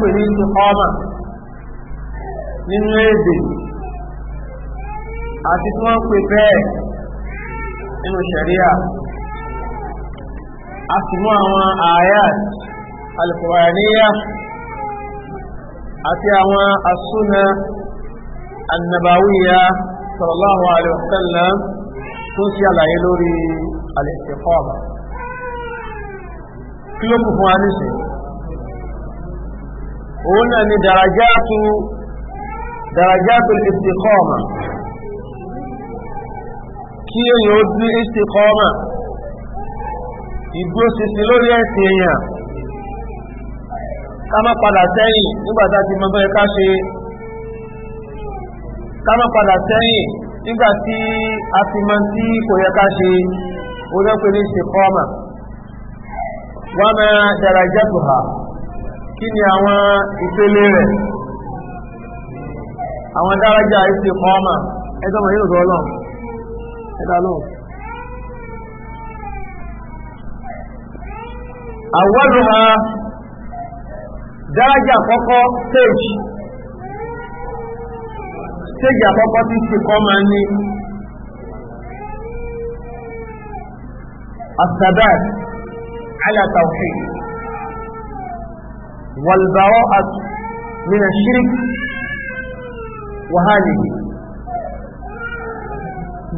pè ní tukọ́mà nínú èdè àti tí wọ́n pè bẹ́ẹ̀ nínú ṣẹ̀ríà a sì mú àwọn àyàt alkùránìyà àti àwọn asúnà annabawiya sallallahu alaihi tó sí àlàyé lórí al kí ló kù fún wa nísìnyí òun náà ni dàrájáàtú dàrájáàtú istiqama kí èyàn ó dín istiqama ìdúró ṣinṣin lórí ẹ̀sìn èyàn ká má padà sẹ́yìn nígbàtá ti mọ́ bẹ́ẹ̀ ká ṣe ká má padà sẹ́yìn nígbàtí a ti mọ́ tí kò yẹ ká ṣe onípe ní istiqama wa ma darajatuha kí ni àwọn ìpele rẹ̀ àwọn dárájá ìsì kọ́ọ̀mà ẹjọ́ mọ̀ yóò rọ́lọ́ ẹ̀dá lọ́wọ́ àwọ́lù ha dárájá àkọ́kọ́ stage stage àkọ́kọ́ tí ìsì kọ́ọ̀mà ní àtàdá alátàwọ̀fẹ́ والبراءة من الشرك وهذه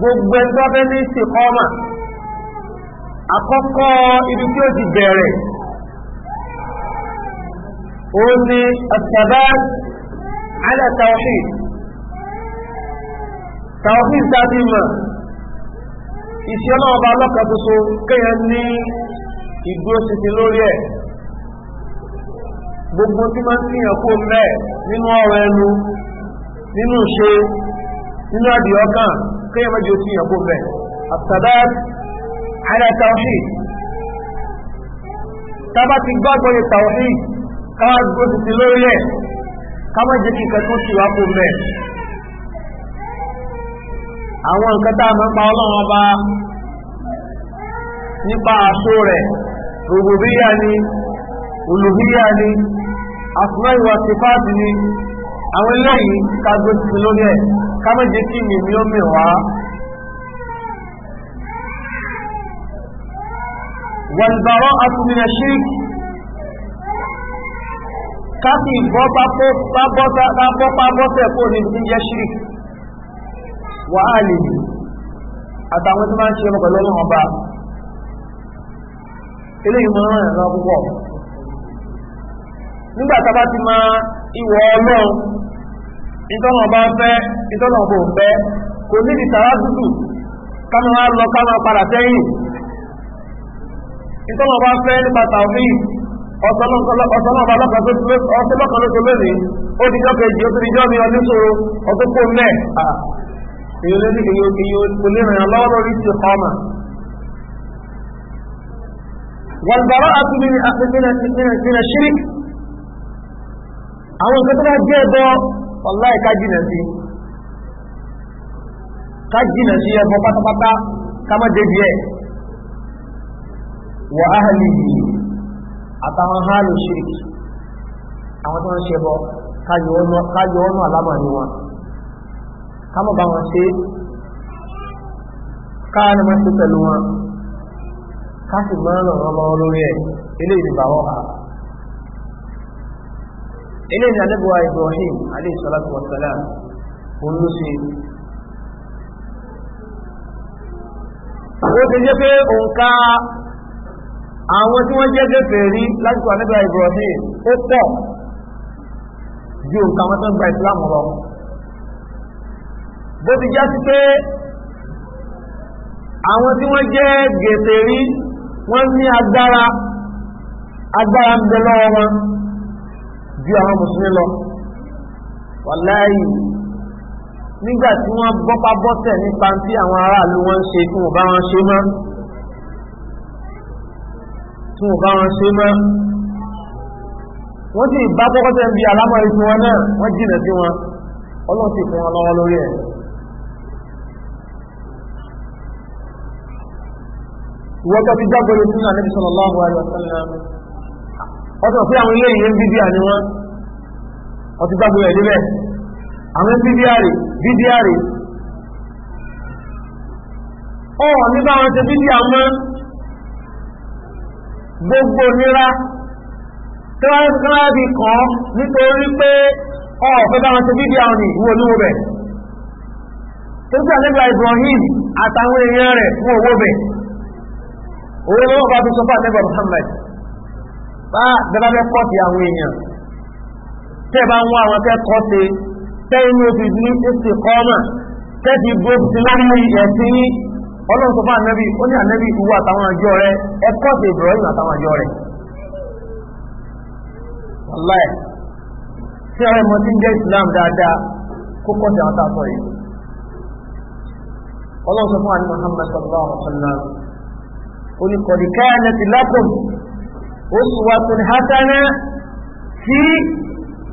gbogbo ẹni tó fẹ́ ní ìsìnkọ́mà àkọ́kọ́ ibi tí ó ti bẹ̀rẹ̀ ó ní ọ̀sẹ̀bẹ́ ala tawhid tawhid dábí mọ̀ ìṣẹ́lọ́ọ̀bá lọ́kàtútù kéyàn ní ìgbó lórí ẹ̀ gbogbo tí máa ń kíyàn kó mẹ́ nínú ọ̀rọ̀ ẹnu nínú ṣe nínú àdì ọkàn kíyàn mẹ́jọ tí yàn kó mẹ́ àtàbáyà aláìtàwọ̀ṣì tàbá ti gbọ́gbọ́ ní tàwọ̀ṣì káwà gbogbo ti lórí ẹ̀ káwà jẹ́ kí kẹtún olùbíyà ni àsùnmọ́ ìwà ti fáàtì ni àwọn eléyìí ká gbé tuntun lórí ẹ̀ ká méje kí mi mi ó mi wá. wàlùbàrọ̀ àtúnmìnà ṣíríkì ká sì bọ́ pábọ́sẹ̀ kó ní ti jẹ́ ṣíríkì wàhálì àtàwọn tí máa ń ṣe ọmọ pẹ̀lú ọlọ́run ọba eléyìí mọ́ ràn nígbà tá a bá ti mọ ìwọ ọlọ́run ìtọ́nà ọba ń fẹ́ ìtọ́nà ọba ò fẹ́ kò ní ìdí tàrá tútù kámi wá lọ kámi padà sẹ́yìn ìtọ́nà ọba ń fẹ́ nípa tàbí ọ̀sán ọba lọ́kàn lóṣù lónìí ó dijọ́ kejì ó dijọ́ mi ọdún ṣòro ọdún kó mẹ́ èyí lórí èyí èyí olérìnà lọ́wọ́ lórí ti ọmọ wàlbàrá àtúmí ni àti mìíràn ṣírí àwọn nǹkan na bá jẹ́ ẹbọ wàláhì ká jìnà sí ká jìnà sí ẹbọ pátápátá ká má ẹ̀ wà áhàlìyí àtàwọn hálù ṣíríkì àwọn tó ń ṣe bọ káyọ ọ̀nà alámàrí wọn ká bá wọn ṣe káàní máa ṣe pẹ̀lú wọn lórí ẹ̀ ilé ní alẹ́bùwà Ibrahim alayhi salatu wa salam òun ló ṣe ó ti jẹ́ pé òǹkà àwọn tí wọ́n jẹ́ gẹ́fẹ̀ rí lásìkò alẹ́bùwà Ibrahim ó pọ̀ ju òǹkà wọn tó gba Islam lọ bó ti já sí pé àwọn tí wọ́n jẹ́ gẹ̀ẹ́fẹ̀ rí wọ́n ní agbára agbára ń bẹ lọ́wọ́ wọn ju àwọn mùsùlùmí lọ wàláì nígbà tí wọ́n bọ́pá bọ́tẹ̀ nípa tí àwọn aráàlú wọ́n ń ṣe tí wọ́n bá wọn ṣe mọ́ tí wọ́n bá wọn ṣe mọ́ wọ́n sì bá kọ́kọ́tẹ̀ bí alámọ̀rí tí wọ́n náà wọ́n jìnà sí wọn ọlọ́run sì fún wọn lọ́wọ́ lórí ẹ̀ ìwọ́n tó fi jágbọ́lẹ̀ sínú àníbi sallallahu alaihi wasallam ọ̀tọ̀ sí àwọn ilé ìyẹn bíbíà ni ọtí níbẹ̀ àwọn gbogbo nira kíláàbì kan nítorí pé wọn ṣe ìwò olówó bẹ̀ tó Ibrahim àtàwọn èèyàn rẹ̀ fún owó bẹ̀ owó lọ́wọ́ bá fi sọ Muhammad bá bẹ́bá fẹ́ kọ́ sí àwọn èèyàn tẹ́ bá ń wá àwọn fẹ́ kọ́ sí tẹ́ inú òfin ní èsì kọ́ọ̀mà tẹ́ ti bó ti lámú ẹ̀sìn yí ọlọ́run tó bá nẹ́bí ó ní ànẹ́bí ìwọ àtàwọn àjọ rẹ ẹ kọ́ sí Ibrahim àtàwọn àjọ rẹ wàláì tí ọ̀rẹ́ mọ́ tí ń jẹ́ Islam dáadáa kó kọ́ sí àwọn tààtọ̀ yìí ọlọ́run tó fún àní Muhammad sallallahu alaihi wa sallam ó ní kọ̀díkáyà ní ti أسوة حسنة في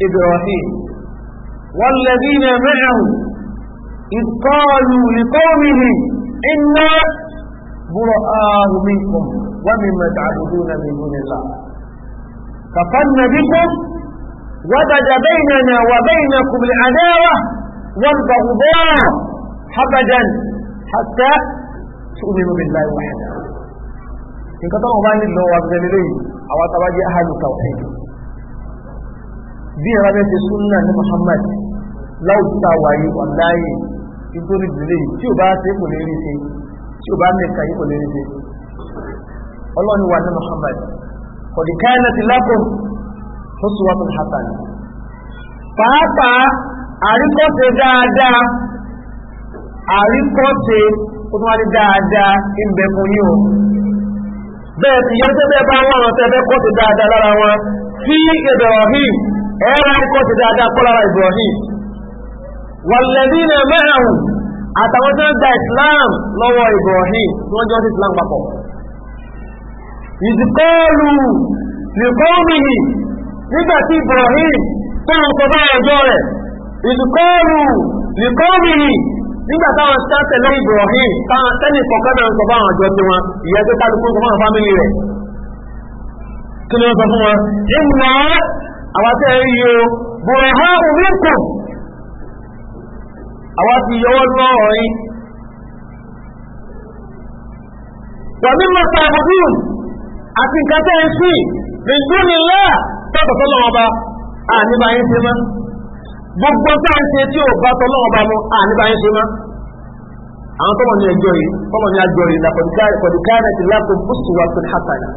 إبراهيم والذين معه إذ قالوا لقومهم إنا براء منكم ومما تعبدون من دون الله كفرنا بكم وبدا بيننا وبينكم العداوة والبغضاء حبدا حتى تؤمنوا بالله وحده. إن كتبوا بالله وأبدا àwọn tàbájẹ́ ahàlù tawhid bí ẹ̀rọ mẹ́fẹ́ súnnà ní Muhammad láwùjúta wáyé ọ̀láyé nítorí ìdílé tí ó bá ṣe kò lè rí ṣe tí ó bá mẹ́ka yí kò lè rí ṣe ọlọ́ni wà ní Muhammad kọ̀dí káyánà ti lákùn ó sì wà fún hasan pàápàá àríkọ́ṣe dáadáa àríkọ́ṣe ó tún wá ní dáadáa ń bẹ fún bẹ́ẹ̀ ti yẹn tó bẹ́ẹ̀ bá wọn àwọn tẹ́fẹ́ kọ́ dáadáa lára wọn sí Ibrahim ẹ̀rọ kọ́ dáadáa kọ́ lára Ibrahim walladhina ma'ahu àtàwọn tó ń da Islam lọ́wọ́ Ibrahim tí wọ́n jọ sí Islam papọ̀ ìdíkọ́ọ̀lù nìkọ́ọ̀mìhì nígbà tí Ibrahim tó ń sọ bá ọjọ́ rẹ̀ ìdíkọ́ọ̀lù nìkọ́ọ̀mìhì nígbà táwọn ṣáṣẹ̀ lẹ́yìn Ibrahim táwọn tẹ́nì kọ̀ọ̀kan náà ń sọ fáwọn àjọ tiwọn ìyẹn tó kálukú fún àwọn fámìlì rẹ̀ kí ni wọ́n sọ fún wọn ìmọ̀ àwọn tẹ́ rí o bọ̀rọ̀ ha òwúkù àwọn ti yọwọ́ ní ọ̀rọ̀ yìí wà ní mọ́ta àbúrú àti nǹkan tẹ́ ń sí rìndúnilá tọ́tọ̀ tọ́lọ́wọ́ bá àníbáyé sí máa gbogbo tá ń ṣe tí ò bá tọ́ lọ́wọ́ bá mú àníbá ń ṣe má àwọn tọ́mọ̀ ní ẹjọ́ yìí tọ́mọ̀ ní ajọ́ yìí làkọ̀dùkárẹ̀ ti lápò bùsùwà tó hàtàlà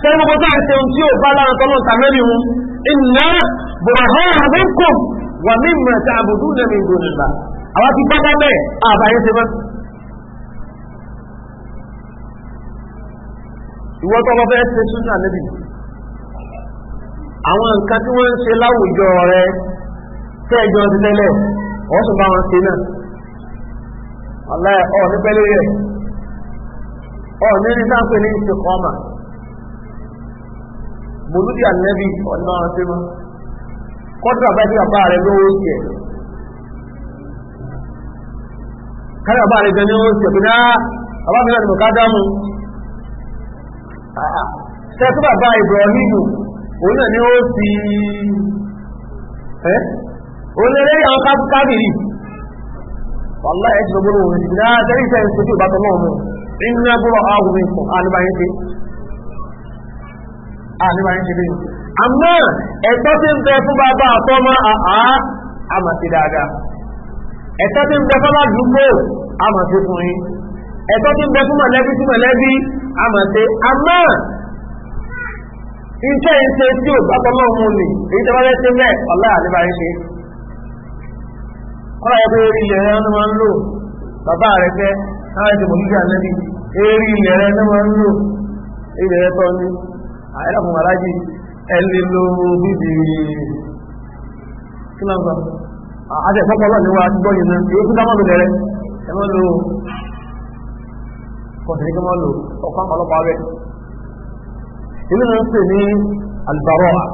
ṣe gbogbo tá ń ṣe tí ò bá lára tọ́lọ́ tàmẹ́lì wọn iná bùrọ̀hán àbúkù wà ní mẹ́ta àbùdú lẹ́mí ìgbòmìnà àwọn ti bá bẹ́ẹ̀ àbáyé ṣe má ìwọ́tọ́ bọ́ fẹ́ ṣe súnà àwọn nǹkan tí wọ́n ń ṣe láwùjọ rẹ tẹ́ẹ̀jọ ti tẹ́lẹ̀ ọ̀sùn bá wọn ṣe náà aláì ọ̀ ní pẹ́lú rẹ̀ ọ̀ ní ní sáà pé ní ṣe kọ́mà bolúdí ànẹ́bí ọ̀nà ṣe mọ́ kọ́dà bá jẹ́ bàbá rẹ̀ ṣe kárí rẹ̀ ní ó ṣe mi náà ni mo ká dámú ṣe tó òun ni ó ti ẹ́ òun àwọn kábìrì wàlá ẹ̀ ṣùgbọ́n òun ni tẹ́lẹ̀ iṣẹ́ ìṣojú ìbátan náà mọ̀ inú agbọ́rọ̀ ààrùn mi fún àníbáyé ṣe àmọ́ ẹ̀tọ́ tí ń bẹ fún bàbá àtọ́mọ́ àá àmà dáadáa ẹ̀tọ́ tí ń bẹ fún àdúgbò fún yín ẹ̀tọ́ tí ń bẹ fún mọ̀lẹ́bí mọ̀lẹ́bí àmọ́ iṣẹ́ ìṣe tí ò gbàgbọ́ náà mú ni èyí tẹ́ bá fẹ́ ṣe mẹ́ẹ̀ ọ̀la àdébà ń ṣe kọ́lá yẹ pé eré ilẹ̀ rẹ ló máa ń lò bàbá rẹ fẹ́ náà ti mọ̀lúdì ànẹ́bí eré ilẹ̀ rẹ ló máa ń lò ilẹ̀ rẹ tọ́ ní àyẹ̀lá fún aláàjì ẹ lè lo bíbí kí lọ́n sọ ni wọ́n á ti gbọ́ yìí ìlú náà ń pè ní albaroa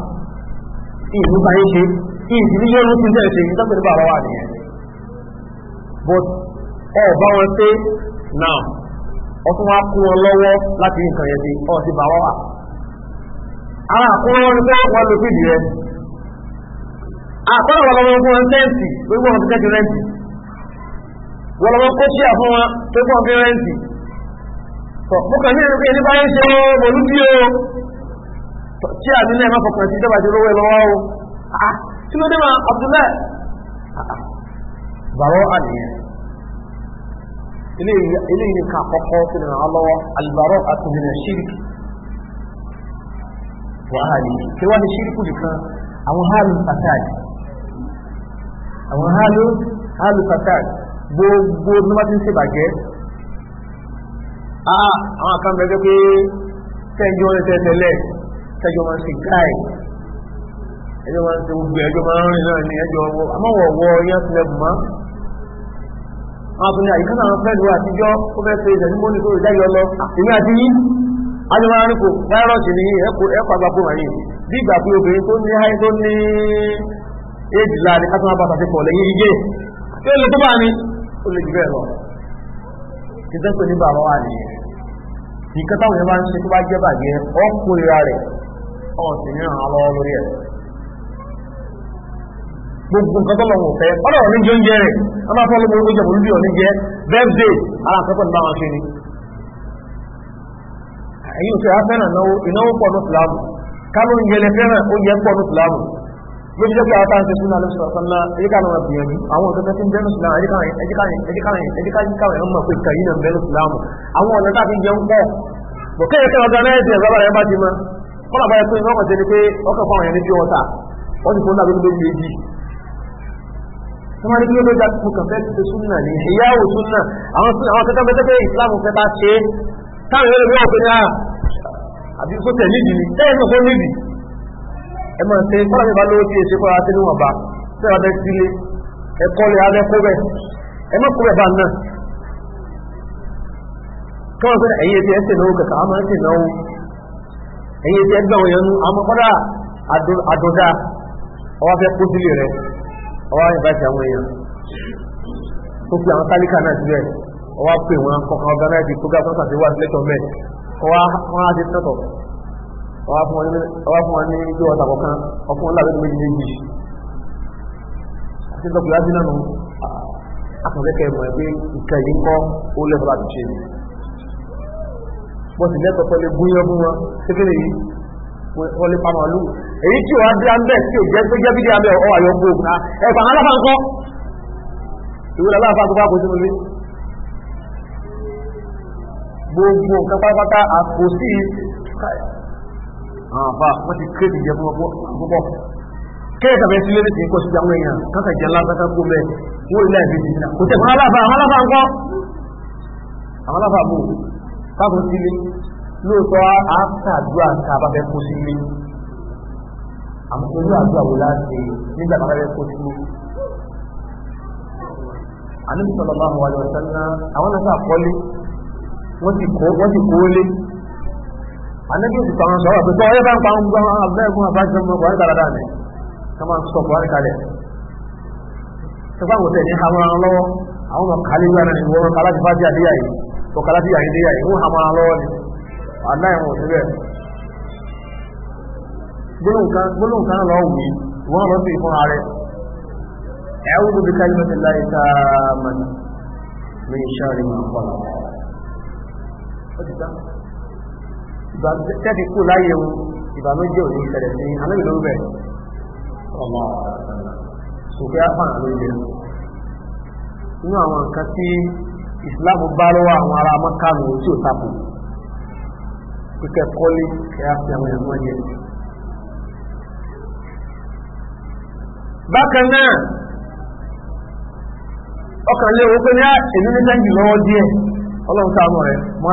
ìlú bá yé ṣe ìdí ní yóò rúkú jẹ́ ṣe ìtọ́pẹ̀ nípa àrọ́wà nìyẹn but ọ bá wọn pé now ọ tún wá kún wọn lọ́wọ́ láti nǹkan yẹn sí ọ sí bá wọ́wà ara wọn ni pé wọ́n lo fídì rẹ àkọ́rọ̀ wọn lọ́wọ́ fún wọn tẹ́ǹtì pé wọ́n ti tẹ́ǹtì rẹ́ǹtì wọ́n lọ́wọ́ kó ṣíà fún wọn pé wọ́n fi rẹ́ǹtì mo kàn ní ẹni pé nípa yín ṣe o mo lú bí o tí àbí náà má fọkàn sí ìjọba ti lówó ẹ lọ́wọ́ o kí ló dé máa Abdullahi bàrọ àníyàn ilé yìí ká kọ́kọ́ sí ní àwọn lọ́wọ́ alìbàrọ gbogbo ní wọ́n ti ń ṣèbàjẹ́ Ah, àwọn àkàn bẹ̀rẹ̀ pé tẹ́jọ́ ń tẹ́tẹ́lẹ̀ tẹ́jọ́ máa ń sì káì ẹjọ́ máa ń ti gbogbo ẹjọ́ máa ń rìn náà ní ẹjọ́ ọwọ́ àmọ́wọ̀wọ́ yẹn ti lẹ́bùn mọ́ àwọn àtúnyẹ àyíká náà fẹ́ lu àtijọ́ ó fẹ́ ṣe ìṣẹ̀lú mọ́ni tó ìdájọ́ lọ àtìmí àti yí ajọ́mọ́ránikò fáírọ́ọ̀sì ní ẹ̀kọ́ àgbàkù wọ̀nyí tí ó lè tó bá ní ó lè jù bẹ́ẹ̀ lọ ìdẹ́kùn ní bàbá wà nìyẹn nǹkan táwọn yẹn bá ń ṣe tó bá jẹ́ bàjẹ́ ọ́ kórira rẹ̀ ọ̀ sì ní àwọn ọlọ́wọ́ lórí ẹ̀ gbogbo nǹkan tó lọ́wọ́ fẹ́ ọlọ́wọ́ ní jẹ́ rẹ̀ ọmọ afọ́ ló gbogbo jẹ̀bù lórí ọ̀ní jẹ́ bẹ́ẹ̀dẹ̀ ara àkọ́kọ́ nígbà wọn ṣe ni ẹ̀yìn òṣèré ló fi jẹ́ pé àwọn ṣe súnà lọ́sọ̀rọ̀ sọ́nà ẹjíkàlọ́ wọn gbìyànjú àwọn ọ̀dọ́ tẹ́tí ń bẹ́rù sílámù ẹjíkàlọ́ ẹ̀mọ̀ pé kàyí náà bẹ́rù sílámù àwọn ọ̀dọ́ tàbí jẹun pọ̀ bọ̀ kẹ́yẹ kẹ́ ọ̀gá náà ẹ̀sìn ẹ̀bá rẹ̀ bá ti mọ́ kọ́nà bá yẹ pé wọ́n ni pé ọkọ̀ fún àwọn ẹni bí wọ́n ta wọ́n ti ẹ máa ṣe kọ́lá nípa lówó tí èṣe kọ́lá tẹ́lẹ̀ wọn bá tẹ́lẹ̀ abẹ́ sílé ẹ̀kọ́ lè abẹ́ kó bẹ̀ ẹ má kó bẹ̀ bá náà kọ́lá pé ẹ̀yìn etí ẹ̀ṣẹ̀ náà kẹta a máa ń ṣe náà ẹ̀yìn etí wọn yẹnu àmọ́ kọ́lá àdọ́dá ọwọ́ fẹ́ kó sílé rẹ ọwọ́ ìbá ti àwọn èèyàn ó pe àwọn tálíkà náà síbẹ̀ ọwọ́ pè wọn kọ́kọ́ ọ̀gá náà di program ọwá fún wọn ní ìjọ ọ̀tà kọ̀ọ̀kan ọkùnrin lábẹ́ méjì méjì àti ìtọ́jú láti náà nù akọ̀lẹ́kẹ̀ mọ̀ pé nǹkan yìí kọ́ ó lẹ́tọ̀ láti ṣe ni wọ́n sì lẹ́tọ̀ pẹ̀lú gúnyán fún wọn kékeré yìí wọ́n lè pamọ́ lù èyí tí wàá bí abẹ́ tí ò jẹ́ pé jẹ́ bídí abẹ́ ọ̀ àyọ̀ gbó òkúta ẹ̀fà aláfa ń kọ́ ìwúrọ̀ aláfa tó bá kó sínú ilé gbogbo nǹkan pátápátá àkòsí àwọn àfa wọ́n ti kéde jẹ fún ọgbọ́ púpọ̀ kéèkà bẹ́ẹ̀ sílé nìkan kó síbi àwọn èèyàn káka jẹ lásán kó bẹ́ẹ̀ wọ́n ilé ẹ̀bí ti nà kò tẹ̀kọ́ aláfa àwọn aláfa ńkọ́ àwọn aláfa bò káko sílé lóòótọ́ àtàdúrà ká bá fẹ́ kó sílé àmọ́ ojú àdúrà wò láti nígbà bá fẹ́ kó sílé àníbi sọlọ́mọ́ àwọn àlọ́ sẹ́ńtà àwọn náà sàkọ́lé wọ́n ti kó wọ́n ti kó lé anabi òsì kan sọ̀rọ̀ pé kọ́ ọ́yẹ́ bá ń pa ń gbọ́ abẹ́gun àbájọ ọmọ ọkùnrin dáradára ni ká máa sọ buhari kalẹ̀ sọ́kà wọ́n tẹ̀ ní hamara lọ́wọ́ àwọn ọmọ kàlí gbára ni wọ́n kàlá ti fájì àdéyà yìí kọ́ kàlá ti yàrá déyà yìí wọ́n hamara lọ́wọ́ ni aláì wọn òsì bẹ́ẹ̀. gbólóhùn kan lọ wù wọ́n lọ sí ìfúnra rẹ̀ ẹ̀wù bíbi kálímẹ́tì láì sáà mọ̀ ní ìṣàrin mọ̀ tẹ́fi kú láyé wọn ìbànújẹ́ òní ìṣẹ̀lẹ̀ sí àmì ìlú rẹ̀ ọmọ sòfẹ́ àfààní ló jẹ́ inú àwọn nǹkan tí Islam bá lọ́wọ́ àwọn ará mọ́kànlù tí ò tapò kíkẹ́ kọ́lé kẹ́ á fi àwọn ẹ̀mọ́ jẹ bákan náà ọkàn léwu pé ní èmi ní sẹ́ńjì lọ́wọ́ díẹ̀ ọlọ́run sáà mọ̀ rẹ̀ mọ́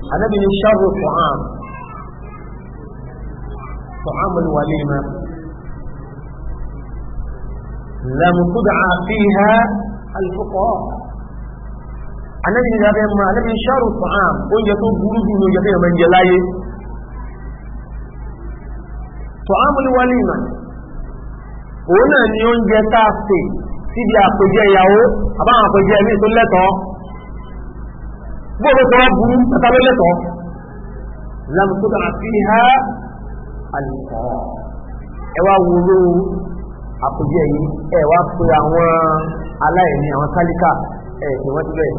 anabi ni sharru tu'am tu'amul walima lam tud'a fiha al-fuqara anabi ni abẹ́ mọ́ anabi ni sharru tu'am oúnjẹ tó burú jù ní oúnjẹ tó yẹ máa ń jẹ láyé tu'amul walima òun náà ni oúnjẹ tá a fè síbi àpèjẹ ìyàwó àbáwọn àpèjẹ ẹ̀mí tó lẹ́tọ̀ọ́ bóòlù tó wá burú tata ló lẹ́tọ̀ọ́ lamukuta àfihà àlùkọ́ ẹ wá wúlò àpòjì ẹ̀yìn ẹ wá pe àwọn aláìní àwọn kálíkà ẹ ṣe wọ́n ti bẹ̀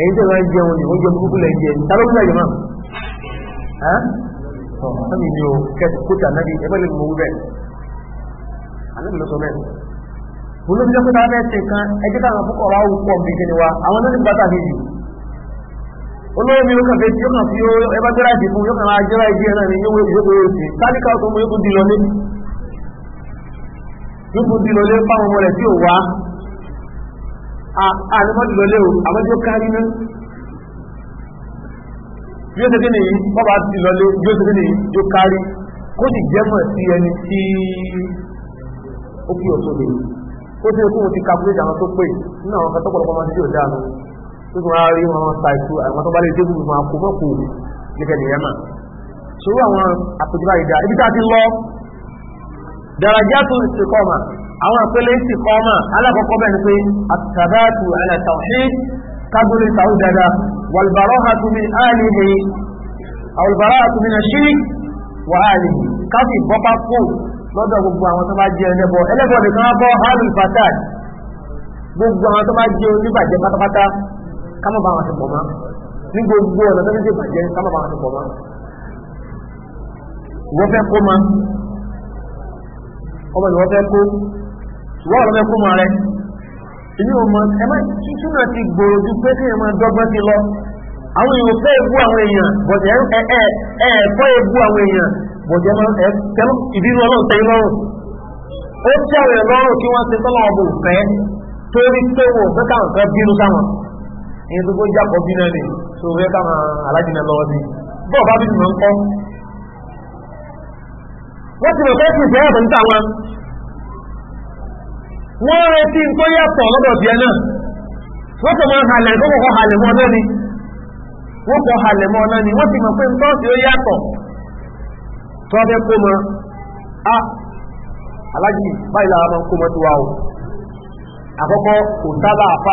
ẹ̀yìn tó wá jẹun ní oúnjẹ burúkú lẹ́ jẹ ta ló ń lẹ́yìn mọ́ sọ́mi ni o kẹ́tù kúta náà di ẹgbẹ́ lè mú wú bẹ́ẹ̀ àná bẹ́ẹ̀ olóbi bẹ́ẹ̀ ṣe kan ẹjẹ́ káwọn fúkọ̀ọ́ wá wù pọ̀ bí kíni wa àwọn náà ní bàtà mi olówó mi yóò kàn fẹ́ yóò kàn fi ẹbá jẹ́rà ìdí fún yóò kàn máa jẹ́rà ìdí ẹ̀nà ni yóò yóò yóò sí tálíkà tó mú yóò di lọlé yóò di lọlé fáwọn ọmọ rẹ̀ tí ò wá àlùmọ́dì lọlé o àmọ́jọ́ kárí náà yóò ṣe kíni yìí wọ́n bá ti lọlé yóò ṣe kíni yìí yóò kárí kó sì jẹ́ mọ̀ sí ẹni tí ó kí ọ̀tọ̀ lè kó sì kó ti kàkúrẹ́jà àwọn tó tó tún wáá rí wọn ta ìtú àwọn tó bá lè débù wọn kò mọ́ kò gẹ́gẹ́ nìyẹn mà ṣòro àwọn àpèjúbá ìdá ibi tá a ti lọ darajatu istiqama àwọn àpẹẹlẹ istiqama alákọ̀ọ́kọ́ bẹ́ẹ̀ ni pé àtàbátù ala tawhid kábùrì tàwọn dada wàlbàrọ́hàtù min áàlìhì àwòlbàrọ́hàtù min ash-shirk wà áàlìhì káfí bọ́pá kó lọ́dọ̀ gbogbo àwọn tó bá jẹ́ ẹlẹ́bọ ẹlẹ́bọ nìkan bọ́ hálùfàtà gbogbo àwọn tó bá jẹ́ oníbàjẹ́ pátápátá ká má bá wọn ti pọ̀ mọ́ ní gbogbo ọ̀nà tó ń ṣe bàjẹ́ ká má bá wọn ti pọ̀ mọ́ wọ́n fẹ́ kó ma ọmọ ìwọ́n fẹ́ kó ṣùgbọ́n ọ̀rọ̀ mẹ́kó ma rẹ inú ọmọ ẹmọ́ títún náà ti gbòòrò ju pé kí ẹmọ dọ́gbọ́n ti lọ àwọn èèyàn fẹ́ ebú àwọn èèyàn bọ̀dẹ̀ ẹ̀ẹ̀kọ́ ebú àwọn èèyàn bọ̀dẹ̀ ìbínú ọlọ́run tẹ́ lọ́rùn ó tẹ́ ọ̀rẹ́ lọ́rùn kí wọ́n ti tọ́lọ́ ọbùn fẹ́ torí pé wọn ò fẹ́ káwọn fẹ́ bínú sáwọn èyí tó kó jápọ̀ bí náà ni tó fẹ́ ká alájìnà lọ sí bọ́ bá bí mọ̀ ń kọ́ wọ́n ti mọ̀ fẹ́sì ìfẹ́ ọ̀tọ̀ níta wọn wọ́n retí tó yàtọ̀ lọ́dọ̀ tiẹ̀ náà wọ́n tó halẹ̀ tó ni wọ́n halẹ̀ mọ́ náà ni wọ́n ti mọ̀ pé ó yàtọ̀ tó a ah, alájì báyìí kó tiwa o àkọ́kọ́ àpá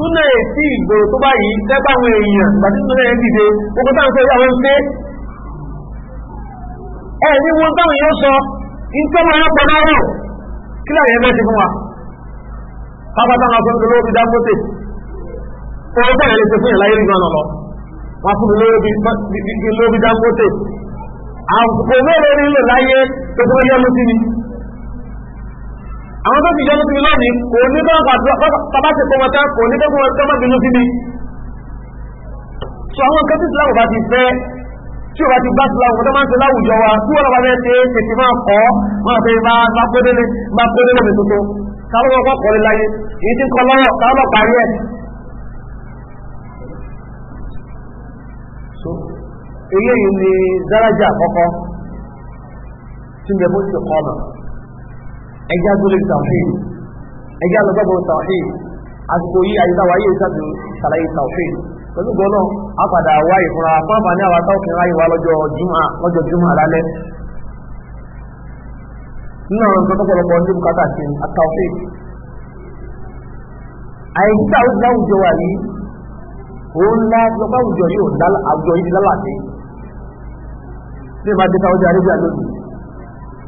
súnà èsì ìgbòrò tó bá yìí tẹ́gbà àwọn èèyàn tàbí súnà ẹ̀ dìde ogun táwọn fẹ́ àwọn ṣe ẹ̀ ní wọn táwọn yóò sọ ní tó máa pọ̀ náà rò kí láyé ẹgbẹ́ ti fún wa pápátá máa fún olówó bí Dangote owó tẹ̀lé lè ṣe fún ìláyé rí gan lọ wọn fún olówó bí Dangote àpò mẹ́rin nílò àwọn tó ti jẹ́ nítorí lónìí kò ní bá bàbá ti kọmọ tán kò ní bá kọmọ tán mọ́bìnú sí ni so àwọn kẹ́tí ìsìláwò bá ti fẹ́ tí ó bá ti bá ìsìláwò tó máa ń ṣe láwùjọ wa tí wọ́n lọ́wọ́ ṣe ètì máa kọ́ máa fẹ́ bá kódélé bá kódélé mi tuntun káwọn kọ́ kọ́ lé láyé èyí tí ń kọ́ lọ́wọ́ káwọn parí ẹ̀ so eléyìí ni dárájà àkọ́kọ́ tí mẹ́mú ti kọ́ náà ẹjá tó lè tàwíì ẹjá lọ gbọ́gbọ́ tàwíì àsìkò yí àyíkáwà yìí sàtò sàlàyé tàwíì pẹ̀lú gbọ́nà a padà wá ìfúnra pàápàá ní àwọn táwọn kìnrin wá lọ́jọ́ jùmọ̀ lọ́jọ́ jùmọ̀ lálẹ́ nínú àwọn nǹkan tọ́pọ̀lọpọ̀ ní bùkátà sí àtàwíì àyíká láwùjọ wà yìí òun láwùjọ yìí ò àwùjọ yìí ó bá dé sáwọ́jà arábíà lónìí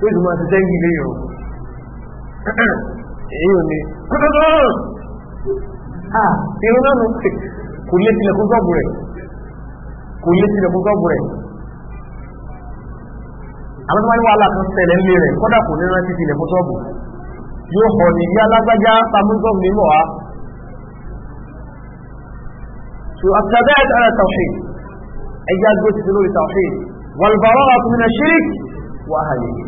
tó sì máa ti dẹ́yìn ilé yòó èyí ò ní irun náà kò lé tilẹ̀ kó sọ́ọ̀bù rẹ̀ kò lé tilẹ̀ kó sọ́ọ̀bù rẹ̀ àwọn tó máa ń wà láàkán ṣẹlẹ̀ ń lé rẹ̀ kọ́dà kò ní rántí tilẹ̀ kó sọ́ọ̀bù yóò hàn ní ìyá alágbájá pamúsọ́ọ̀bù nímọ̀ wá so الثبات على التوحيد اجل قلت لوري توحيد والبراءة من الشرك واهله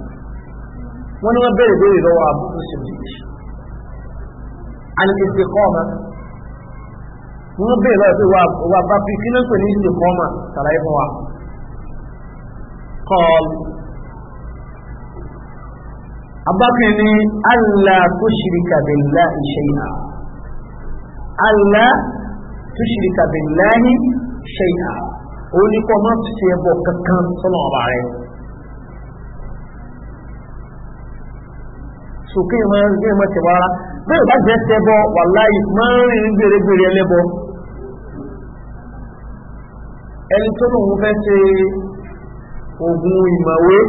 wọ́n ní wọ́n bẹ̀rẹ̀ lórí lọ́wọ́ àbúrò ṣèlú alìkèsè kọ́ọ̀mà wọ́n bẹ̀rẹ̀ lọ́wọ́ pé wà bá fi kí náà pè ní ìṣèlú kọ́ọ̀mà sàlàyé fún wa kọ́ọ̀l abákan ní allah tó ṣìríkà bẹ̀lá iṣẹ́ ìhà allah tó ṣìríkà bẹ̀lá ní iṣẹ́ máa ti ṣe ẹbọ kankan sọ́nà ọba sòkè ìmọ̀ tẹ̀wọ́ ara bẹ́ẹ̀ bá jẹ́ tẹ́bọ́ wà láì mọ́rin gbèrègbèrè ẹlẹ́bọ ẹni tó lòun fẹ́ ṣe ogun ìmọ̀wé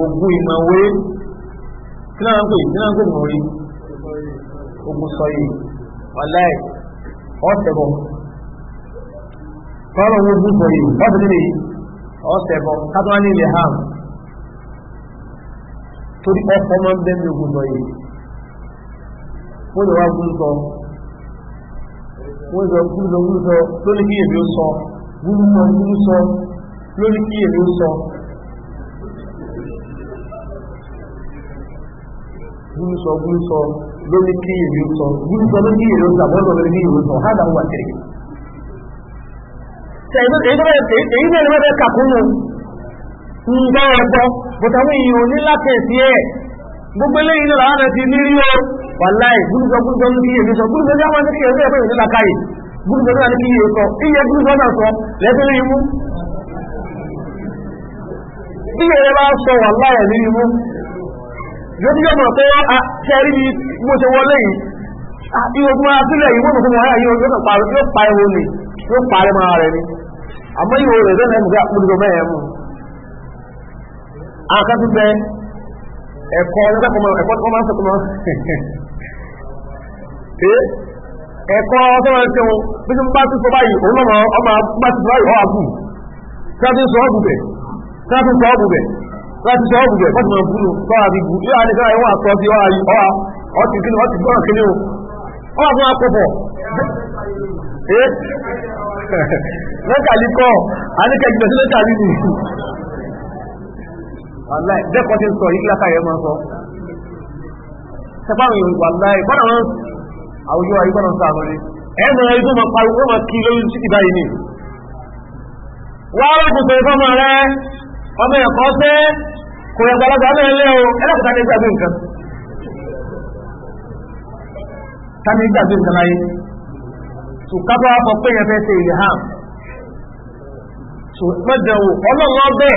ogun ìmọ̀wé kí náà ń pè kí náà ń pè mọ̀ rí ogun sọyìn wà láì ọ̀tẹ̀bọ̀ kọ́lọ̀ ogun sọyìn ọ̀tẹ̀bọ̀ kátó wá ní hàn torí ọkọ̀ máa ń bẹ́ mi ògùn lọ yìí wọ́n lọ wá gúrúsọ wọ́n lọ gúrúsọ gúrúsọ lórí kí èmi ó sọ gúrúsọ gúrúsọ lórí kí èmi ó sọ gúrúsọ gúrúsọ lórí kí èmi ó sọ gúrúsọ lórí kí èmi ó sọ wọ́n lórí kí èmi ó sọ hádà wà kiri. ṣe ìdókòwò èyí bẹ̀rẹ̀ bẹ̀rẹ̀ kàkúnnù ń gbọ́ ẹgbọ́ bọ̀tàwé yìí ò ní lákẹ̀ẹ́sí ẹ̀ gbogbo eléyìí náà láàrín ti ní rí ọ wàláì gúrùsọ gúrùsọ ní kíyè sọ gúrùsọ ní àwọn ẹni kíyè sọ ẹgbẹ́ ìrìnlá káyè gúrùsọ náà ní kíyè sọ iye gúrùsọ náà sọ lẹ́gbẹ́ ní imú kíyè rẹ bá sọ wàláì ní imú yóò tí yóò mọ̀ pé a kẹrí ni mo ṣe wọlé yìí ìwògùn asílẹ̀ yìí wọ́n mọ̀ fún wọ́n yóò yóò pa ẹ̀wọ̀n ni yóò pa ẹ̀wọ̀n rẹ̀ ni àmọ́ ìwò rẹ̀ lọ́nà ẹ̀mùgbà mú àwọn kan ti bẹ ẹ̀kọ́ ẹ̀kọ́ ẹ̀kọ́ tó máa ń sọ̀tọ̀ máa ẹ̀kọ́ tó máa ń ṣe wọn bí tí ń bá ti sọ báyìí òun náà ọmọ bá ti sọ báyìí ọ́ àbù tí a ti sọ ọ́bù bẹ̀ tí a ti sọ ọ́bù bẹ̀ tí a ti sọ ọ́bù bẹ̀ fọ́tí máa búrú tọ́ àbí bù yóò á ní káyọ̀ wà sọ sí ọtí kí ni ọtí gbọ́n kí ni o ọ́ àbúrò akọ̀pọ̀ lẹ́kàlí kọ́ àníkẹ́ ìgbẹ̀sí lẹ́kàlí nìyí wàláì bẹ́ẹ̀kọ́ ti ń sọ yìí lákàyẹ máa sọ sẹpáwọn èèyàn wàláì bọ́nà wọn àwùjọ ayé bọ́nà sọ àmọ́lé ẹ̀ẹ́nà ẹ̀rí tó máa pariwo wọ́n máa kí lórí títí báyìí ni wá ọkùnkùn ẹ̀kọ́ máa rẹ ọmọ ẹ̀kọ́ fẹ́ kò yẹ gbàlagbà ọmọ ẹlẹ́ o ẹlẹ́kùn tani gbàgbé nǹkan tani gbàgbé nǹkan láyé tó kábọ̀ afọ pé yẹn fẹ́ ṣe ìlẹ̀ hàn tó mẹ́jọ ọlọ́run ọbẹ̀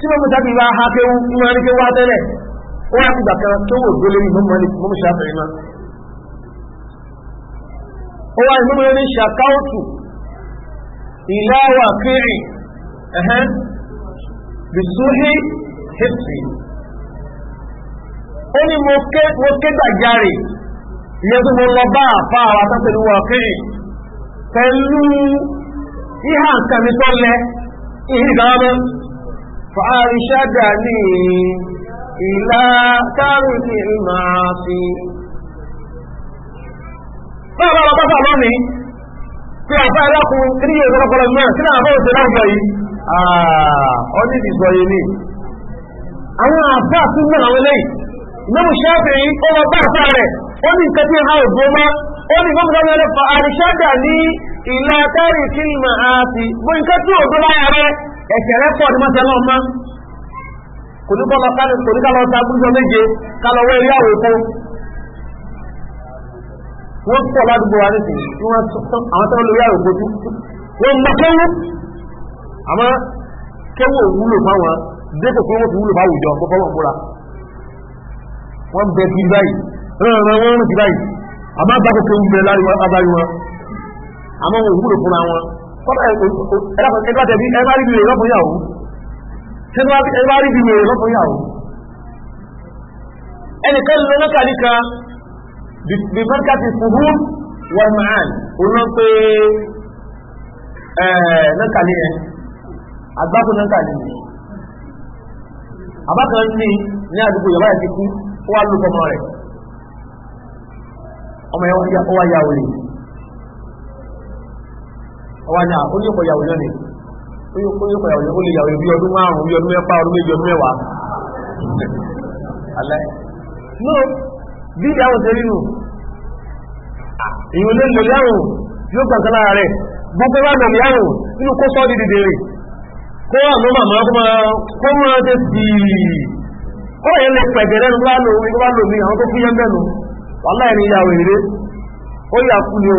tí wọ́n mú sábì bá ha kéwú máa ní kéwú tẹ́lẹ̀ ó wá kúgbà kan tó wò gbó lórí mọ́mọ́ ní mọ́mú ṣàfihàn máa ó wá ìmọ́mọ́ ní ṣàkáwùtù ìlàwà kiri ẹ̀hẹ́n bìsúhì hìpsì ó ní mo ké gbàjarì ìyẹn tó mo lọ bá àfa àwọn atọ́pẹ̀lú wà kiri pẹ̀lú ìhà nǹkan mi tó ìhìn ìdáwọ́ فأرشدني إلى ترك المعاصي báwo la bá fà ẹ̀ṣẹ̀ rẹ̀ pọ̀ ní mọ́sẹ̀ náà mọ́ kò ní kọ́ lọ sábúrúsọ méje kálọ̀wọ́ eré àwọn èkó wọ́n pọ̀ ládùúgbò wa ní sìn àwọn tó lórí àwọn èkó wọ́n mọ kéwú àmọ́ kéwú òwúlò fáwọn dépò pé wọ́n fi wúlò báwùjọ tó fọwọ́n múra wọ́n bẹ kí báyìí rẹ̀rẹ̀ wọ́n rìn kí báyìí àmọ́ bá kò bẹ lárí abáyé wọn àmọ́ òwúlò fúnra wọn ẹgbà tẹ̀bí ẹgbà rí bìrì lọ́pọ̀ yàwó ẹgbà rí bìrì lọ́pọ̀ yàwó ẹnìkan lọ lọ́kàlí kan bí mọ́ká ti fòhú wọn máa ọ̀nà pé lọ́kàlí ẹ agbákò lọ́kàlí abákan ní ní àdúgbò yàwó ẹ̀ ti kú ó wá lókọ̀ mọ́ rẹ̀ ọmọ yàwó ya olè ọwọ́ ni àwọn oníyọ̀pọ̀ ìyàwó náà ni oníyọ̀pọ̀ ìyàwó ó lè yàwó bí ọdún márùn-ún bí ọdún mẹ́fà ọdún méjì ọdún mẹ́wàá alẹ́ no bí ìyàwó ṣe rí nù ìwọ̀n lè yóò gbàgbà lára rẹ̀ gbogbo kó sọ́ dèrè kó wà ló màmá kó sí kó lè pẹ̀gẹ̀rẹ́ àwọn tó ìyàwó ó yà kú ni o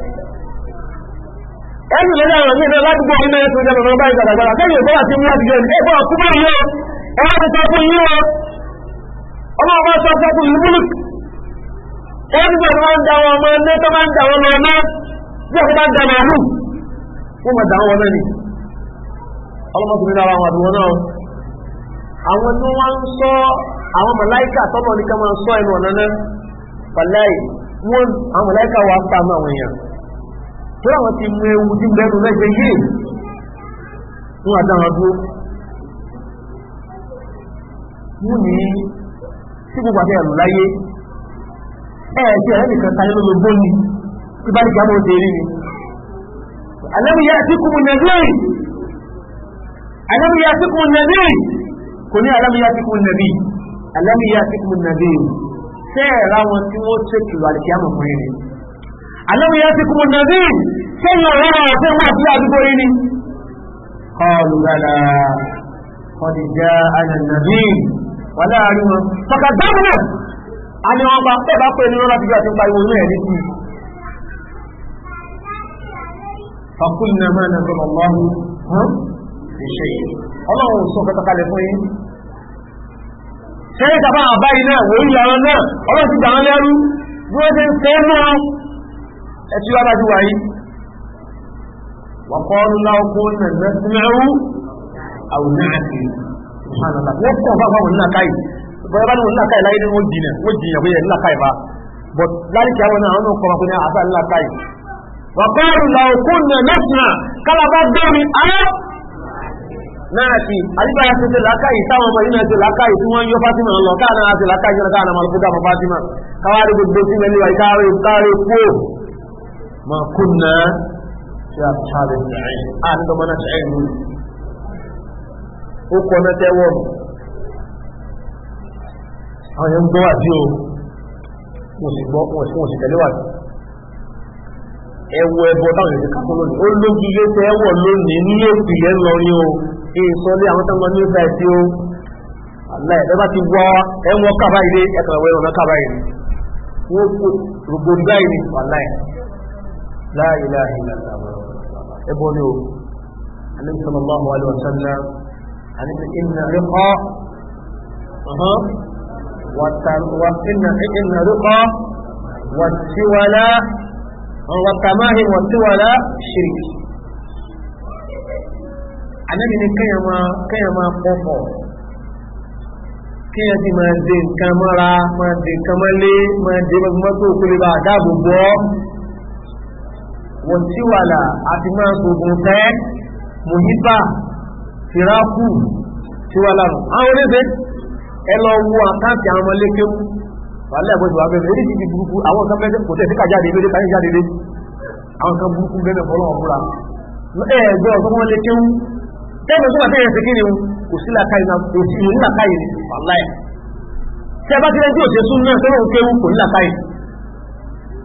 e lẹ́yìn àwọn ọ̀gbìn náà ládùúgbò orí mẹ́rin tó jẹ́ bàbá báyìí gbàdàgbàdà kẹ́yìn ìkọ́ àti mú ya ní ẹgbẹ́ ọ̀kúbọ̀ yìí ó ẹ wá ti sọ fún yín o ọmọ ọmọ sọ fún fún ìlú wọn nígbà tó máa ń da wọn ọmọ ẹgbẹ́ tó máa ń da wọn lọ ọmọ bí ọkọ bá ń da màálù wọn máa da wọn náà ni ọlọmọkùnrin náà wọn tó àwọn ti mú ewu tí bẹ́ẹ̀nu lẹ́ṣẹ́ yìí fún àdáwọn dúró mú ní tí gbogbo àti ẹ̀rù láyé ẹ̀ẹ̀ṣẹ́ ẹ̀rẹ́ nìkan tayé ló lóbó ni tí bá ní gbàmọ́ òde rí ni alẹ́mìyà tí kùmù nàbíyì alẹ́mìyà tí kùmù nàbíyì kò ní alẹ́mìyà tí kùmù nàbíyì alẹ́mìyà tí kùmù nàbíyì fẹ́ẹ̀ ra wọn tí wọ́n tẹ̀kìlọ̀ àdìkíyàmọ̀ fún yìí alam yatikum nadhir sẹ́yìn ọ̀rọ̀ ọ̀sẹ̀ máa fi àdúgbò yìí ni qalu bala qad ja'ana nadhir wà láàrin wọn fọ́kà dámúnà a ní wọn bá pẹ́ bá pẹ́ ní lọ́la fíjọ́ àti ń ṣe é tàbá náà wòye àwọn náà ọlọ́run ti lẹ́rú bí wọ́n ti ń fẹ́ náà ẹtí wá bá ti wáyé wọ́n kọ́ láwọn kó nà nẹ́sìmẹ́rú àwọn náà ti wọ́n kọ́ fáfá wọn náà káyì bọ́yá bá ní wọn náà káyì láyé ní wọ́n jìnà wọ́n jìnà pé àwọn náà wọn náà wọ́n kọ́ láwọn kó nà nẹ́sìmẹ́ kálábá táwọn ọmọ yìí náà ṣe tí wọ́n yọ Fátímà lọ káà náà ṣe làákàyè náà káà náà máa lọ fún Fátímà káwárí gbogbo sí mẹ́lẹ́wàá káwárí kúò ma kunna fi ashabi sa'id an da mana sa'id mun o ko na tewo àwọn yan gbọ́ àti o mo sì gbọ́ mo sì mo sì tẹ̀lé wa ẹwọ ẹbọ táwọn èdè kan lónìí ó lójú ilé tẹ ẹwọ lónìí ní ìpìlẹ̀ ńlọrin o ìsọlé àwọn tó ń lọ ní ìgbà ẹ̀sìn o aláìlẹ́bá ti wọ́ ẹwọ kábáyé ẹ̀kọ̀wé ọ̀nà kábáyé wọ́n kò rògbòdì báyìí wà láì láìlá ìlànà ẹbọ ni o annabi sallallahu alaihi wasallam annabi inna riqa aha wa inna inna riqa wa tiwala wa tamahi wa tiwala shirki annabi ni kayama kayama pofo máa dé nǹkan mọ́ra máa dé nǹkan mọ́lé máa dé mọ́tò kúrò dáàbò bọ́ wọ̀tíwàlà àti máa gbogbo fẹ́ mùhíbà fìrákù tíwàlà rùn àwọn oníṣẹ́ ẹlọ wo àkáǹtì àwọn ọmọlékéwú wàlẹ́ àgbẹ̀sọ̀ wà bẹ̀rẹ̀ èdè ti burúkú àwọn kan bẹ́ẹ̀ kò tẹ̀ síkà jáde lóde káyé jáde lé àwọn kan burúkú bẹ́ẹ̀ fọlọ́ ọ̀múra ẹ̀ẹ́dọ́ ọ̀sán wọn lékéwú tẹ́lẹ̀ tó wà tẹ́yẹ̀ sí kí ni kò sí làkàyè náà kò sí ìlú làkàyè wàláyà tẹ́ bá ti rẹ́ tí ò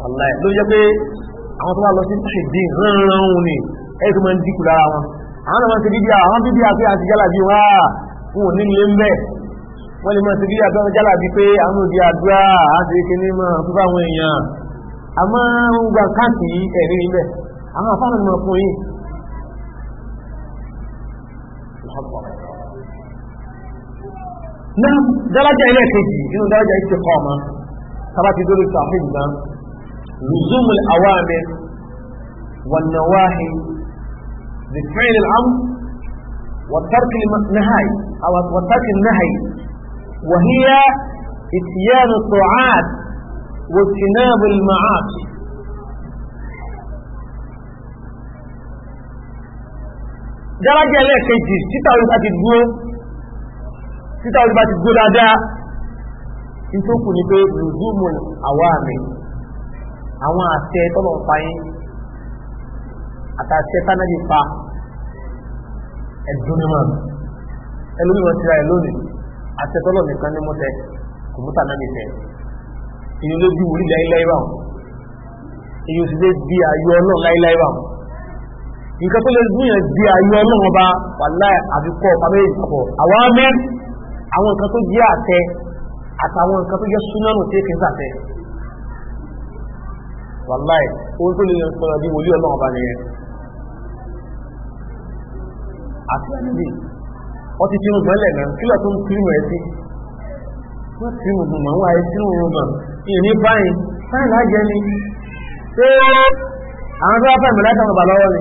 wàláì ló jẹ́ pé àwọn tó bá lọ sí ṣèdí ránran òun ni ẹ̀ tó máa ń dínkù lára wọn àwọn náà máa ń ṣe bíbí àwọn bíbí àti àti jálàbí wọn á wọn ò ní ilé ń bẹ̀ wọ́n lè máa ṣe bíbí àti àwọn jálàbí pé àwọn òdi àdúrà àti kíní máa fún báwọn èèyàn àmọ́ ń gba káàkì ẹ̀rí níbẹ̀ àwọn afáàmì máa fún yìí náà dárájà ilé kejì nínú dárájà ìṣẹ́kọ̀ọ́ ọmọ tábà ti dórí ìṣàfihàn لزوم الأوامر والنواهي بفعل الأمر وترك النهي أو وترك النهي وهي إتيان الطاعات واجتناب المعاصي درجة شيء كيجي ستاوي باتي دو ستاوي باتي دو لادا يتوكو نبي لزوم الأوامر àwọn àṣẹ tọ́lọ̀ ń pa yín àtàṣẹ tánàbí pa ẹ̀dùn ni wọn ẹlòmí wọn tira ẹ lónìí àṣẹ tọ́lọ̀ nìkan ní mọ́tẹ kò mú tánàbí tẹ èyí ló bí wòlí láíláí wà èyí ò sì lè bí ayé ọlọ́run láíláí wà nǹkan tó lè gbìyàn bí ayé ọlọ́run ọba wàláì àbíkọ́ pàmẹ́ ìkọ̀ àwọn amẹ́ àwọn nǹkan tó jẹ́ àṣẹ àtàwọn nǹkan tó jẹ́ súnmọ́nù tí kì í sàṣẹ wàláì ohun tó lè yẹn sọ̀rọ̀ bí wòlíì ọlọ́run bá nìyẹn àti àníbì wọ́n ti tínú gbọ́nlẹ̀ náà kí lọ́tún kírìmù ẹ̀ sí wọ́n kírìmù gùn mọ́ wáyé kírìmù yóò gbọ̀n ìní báyìí báyìí lájẹ́ ni pé àwọn tó bá fẹ́ ìmọ̀lá ìtàn ọba lọ́wọ́ ni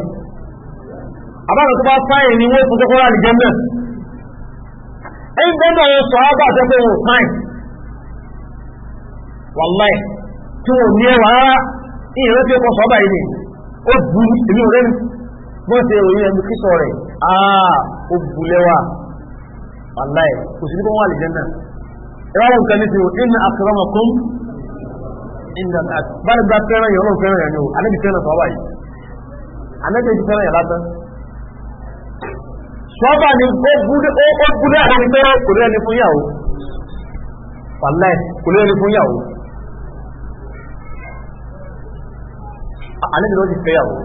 àbáwọn tó bá fáyì ni wọ́n fún kókó láti jẹ́mẹ̀ ẹ̀yìn bẹ́ẹ̀ náà sọ ábà tó pé wọn fáyì wàláì tí wọn ní ẹwà rárá ìyẹn tí ó kọ́ sọ́bà ilé ó bú inú rẹ̀ bọ́n ṣe òyìn ẹ̀mí kíṣọ́ rẹ̀ àà ó bú lẹ́wà aláì kò sí nípa wà lè jẹ́ náà ẹwà nǹkan ní ti wò inú àkàràmọ̀ kún báyìí gba fẹ́ràn yẹn ọlọ́run fẹ́ràn yẹn ni o alẹ́bí fẹ́ràn sọ́bà yìí alẹ́bí fẹ́ràn yẹn lásán sọ́bà ni ó bú lẹ́wà ní pé kò lẹ́ni fún yàwó ànábì lọ́ọ́ ti fẹ́yàwó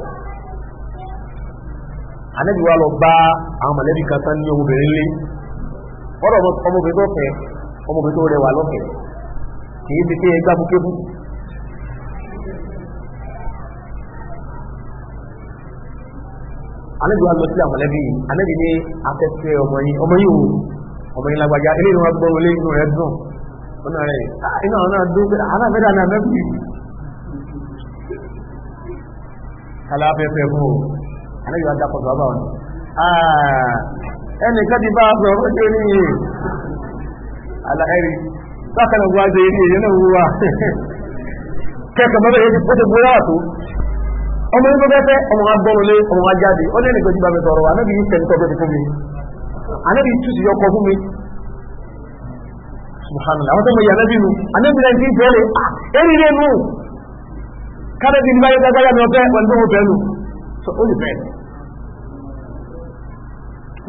ànábì wa lọ bá àwọn mọ̀lẹ́bí kan tán ní ọmọbìnrin lé wọ́n lọ ọmọbìnrin tó fẹ́ ọmọbìnrin tó rẹwà lọ́fẹ̀ kìí fi pé ẹgbà bukébù ànábì wa lọ sí àwọn mọ̀lẹ́bí ànábì ní afẹ́fẹ́ ọmọ yìí ọmọ yìí wò ọmọ yìí lágbàjá eléyìí wọn gbọ́ wọlé inú rẹ̀ dùn inú rẹ̀ ah, inú àwọn náà dùn pé àwọn àfẹ́dà náà mẹ́kùn yìí aláfẹ́fẹ́ fún o anáyọ̀ adápọ̀ bàbá wọn ah, ẹnìkan ti bá sọ ojú ní iye aláẹ́rí sákàlẹ̀ wá jẹ ilé ìyẹn náà wúwa kẹ́kọ̀ọ́ mẹ́rin yìí ó ti bó yára tó ọmọ yìí tó bẹ́ẹ̀ ọmọ wa gbọ́n lé ọmọ wa jáde ó ní ẹnìkan ti bá mi sọ̀rọ̀ anábì yìí tẹ̀lé tọ́jú àwọn tó mọ ìyá anábì nu anábì náà ti kárẹ́bí ní báyé dágbáyà lọ fẹ́ wọ́n tó wọ́n fẹ́ lò sọ ó lè fẹ́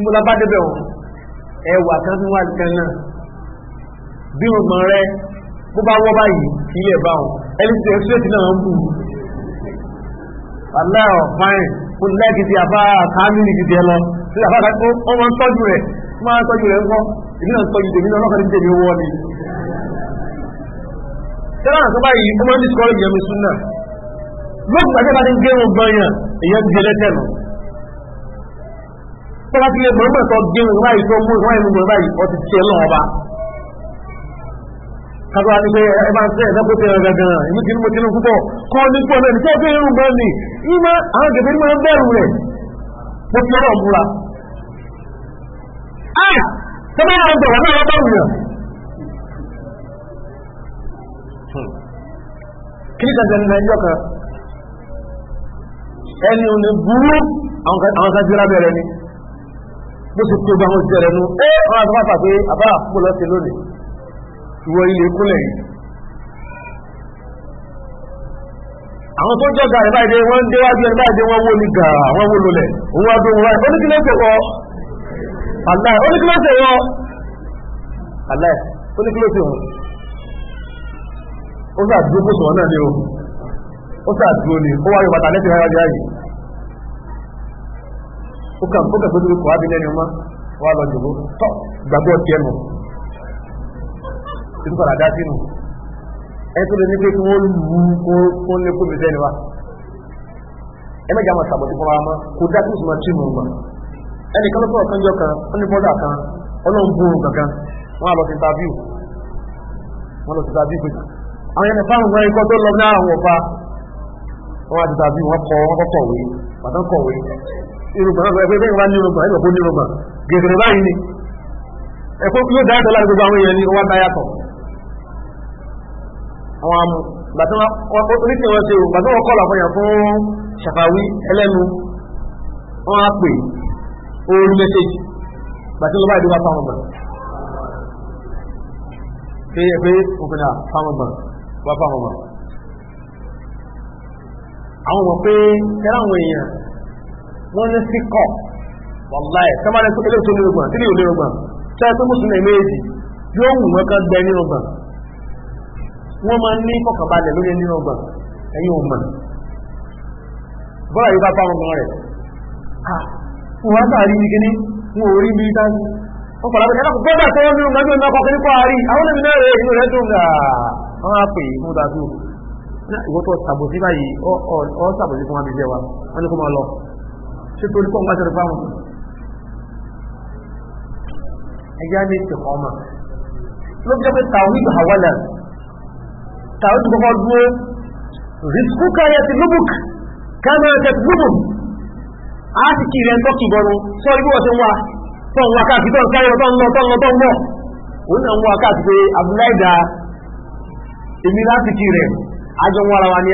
múlá bá débẹ̀ wọn ẹwà kan tó wà kan náà bí wọn mọ̀ rẹ bó bá wọ́ báyìí kí yẹ bá wọn ẹni tí ẹ̀sùn náà ń bù aláwọ̀ fáìn ó lẹ́ẹ̀kì tí àbá àkáàmìlì gidi ẹ lọ tí àbá àkáàmìlì ó máa ń tọ́jú rẹ̀ máa ń tọ́jú rẹ̀ ń kọ́ èmi náà ń tọ́jú tèmi náà lọ́kàn ní tèmi wọ́ ni. tẹ́lá àtúbáyìí ó máa ń discourage ẹ̀mí súnà lóògbà tí bá ti ń gé wọn gan yàn èèyàn ti ti lè mọ̀ nígbà tó gé tó mú ìwọ̀n ìmúgbọ̀n báyìí ọ ti tiẹ̀ lọ́wọ́ bá kábọ̀ àti pé ẹ bá ń sẹ́ ìlú ti ní púpọ̀ ní púpọ̀ ah! náà hmm. nítorí kan ẹni òní burú àwọn sájúra bẹ̀rẹ̀ ni bó ṣe tó gbàmọ́ sí ẹ̀rẹ̀nu ẹ́ wọ́n àti wáfà pé àbá àpò lọ́sẹ̀ lónìí ìwọ ilé kúnlẹ̀ yìí àwọn tó jọ gàrí báyìí wọ́n ń déwájú ẹni báyìí wọ́n wó ní gàrà wọ́n wó lulẹ̀ òun wá dóhun wáyé oníkílẹ̀sẹ̀ wọ́ aláì oníkílẹ̀sẹ̀ wọ́ aláì oníkílẹ̀sẹ̀ wọ́ ó sàdúró kó sọ̀rọ̀ náà ni ó sàdúró ni ó wáyé bàtà lẹ́sẹ̀ wáyé ó kà ó kà tó dúró kọ á bí lẹ́nu ọmọ wa lọ jòkó tọ gbàgbọ́ tiẹ̀ nù tìǹ padà dá sínú ẹ tó lè ní pé kí wa ẹ mẹ́jọ àwọn sàbọ̀tì fún wa mọ́ kó dá kí sùnmọ́ tìǹ kan lọ́sọ̀rọ̀ kan kan interview interview irùgbọ̀n náà ẹgbẹ́ ìwà ní irùgbọ̀n ẹgbẹ́ fún irùgbọ̀n gẹ̀gẹ̀rẹ̀ báyìí ni ẹ̀kọ́ yóò dá ìtọ́lá gbogbo àwọn èèyàn ní wá dá yàtọ̀ àwọn amú bàtí wọn oríṣi wọn ṣe bàtí wọn kọ́ làwọn èèyàn fún ṣàfàwí ẹlẹ́nu wọn á pè orí mẹ́sẹ̀jì bàtí wọn bá ìdíwá fáwọn gbọ̀n pé ẹgbẹ́ òkúta fáwọn gbọ̀n wá fáwọn gbọ̀n àwọn mọ̀ pé kẹ́rẹ́ àwọn èèyàn wọ́n ní sí kọ̀ wàláì sẹ́mọ́lá tó ilé tó lérògbà tí yóò lérògbà tẹ́ẹ̀ tó mùsùlùmí méjì yóò wù wọ́n kan gbẹ nínú gbà wọ́n máa ní kọ̀kàbalẹ̀ lórí nínú gbà ẹ̀yìn òmà bọ́lá yóò bá bá wọn rẹ̀ wọ́n bá rí kíní wọn ò rí bí dání ó pàdà pé ẹlọ́pù bọ́dà tó wọ́n nínú gbàgbé ọkọ̀ kíní kọ́ àárí àwọn ènìyàn náà rẹ̀ inú rẹ̀ dùn gà wọ́n á pè mú fún ṣe torí kọ́ wá sọ̀rọ̀ fáwọn ẹjá ní ìsìnkọ́ ọmọ ló jẹ́ pé tàwíd hawala tàwíd kọ́kọ́ dúró rìsíkúkà yẹ ti lúbùk kánà tẹ lúbùk a ti kiri ẹ̀ tọ́kì bọ́nu sọ ibi wọ́n ti wá tọ́ ń wá káàkiri tọ́ ń sáré tọ́ ń lọ tọ́ ń lọ tọ́ ń lọ òun náà ń wá káàkiri Abdullahi da èmi láti kiri rẹ̀ àjọ wọn ara wa ni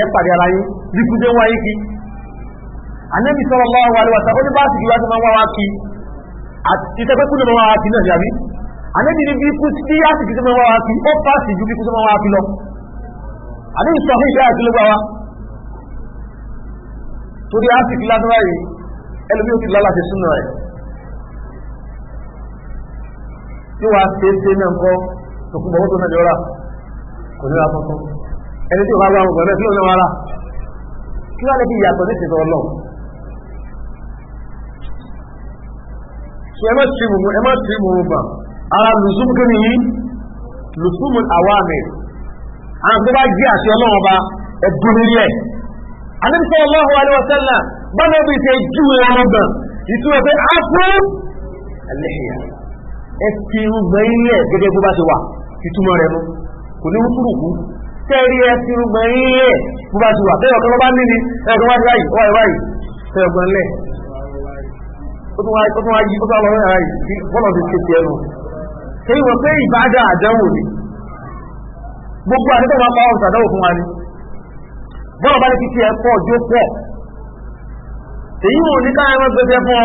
ẹ anabi sallallahu alaihi wasallam ní báàsì kí wá sí máa wá wá kí ìtẹ́pẹ́ kú lọ́wọ́ wá kí náà ní àbí anabi ní bí kú sí yáàsì kí sí máa wá wá kí ó pàṣì ju bí kú sí máa wá kí lọ anabi sọ fún ìṣe àti ló gbà wá torí àti kí ládùúrà yìí ẹlòmí ó ti lálà ti súnà rẹ̀ tí wàá ṣe é ṣe náà kọ́ tòkùnbọ̀ ó tó náà jọra kò ní ra tuntun ẹni tí ò bá wà wọn pẹ̀lú ẹ̀ tí ò ní wà rà kí wàá lè fi yàtọ̀ ní ìṣètò ọlọ́run ẹ má sí mùmú ẹ má sí mùmú bà ara lùsùmù kí ni àwọn tó bá àti ọlọ́wọ́ bá ẹ̀dùn nílé ẹ̀ bí ṣe jú ọmọ pé a fún ẹlẹ́yà ẹ fi rúgbọ́n ilé ẹ̀ gẹ́gẹ́ bó bá wà ìtumọ̀ rẹ̀ mú kò ní tẹ́rí ẹ fi rúgbọ́n ilé ẹ̀ bó bá ti wà tẹ́yọ̀ bá ó tún wáyé ó tún wáyé ó tún lọ rẹ̀ bí bọ́lọ̀ ti ṣe ẹnu ṣe ìwọ̀n pé àdánwò ni gbogbo àdéhùn máa pa ọ̀rùn sàdánwò fún wa ni bọ́lọ̀ bá ní kí ẹ pọ̀ jó pọ̀ èyí ò ní káyọ̀ máa gbẹ̀sẹ̀ fún ọ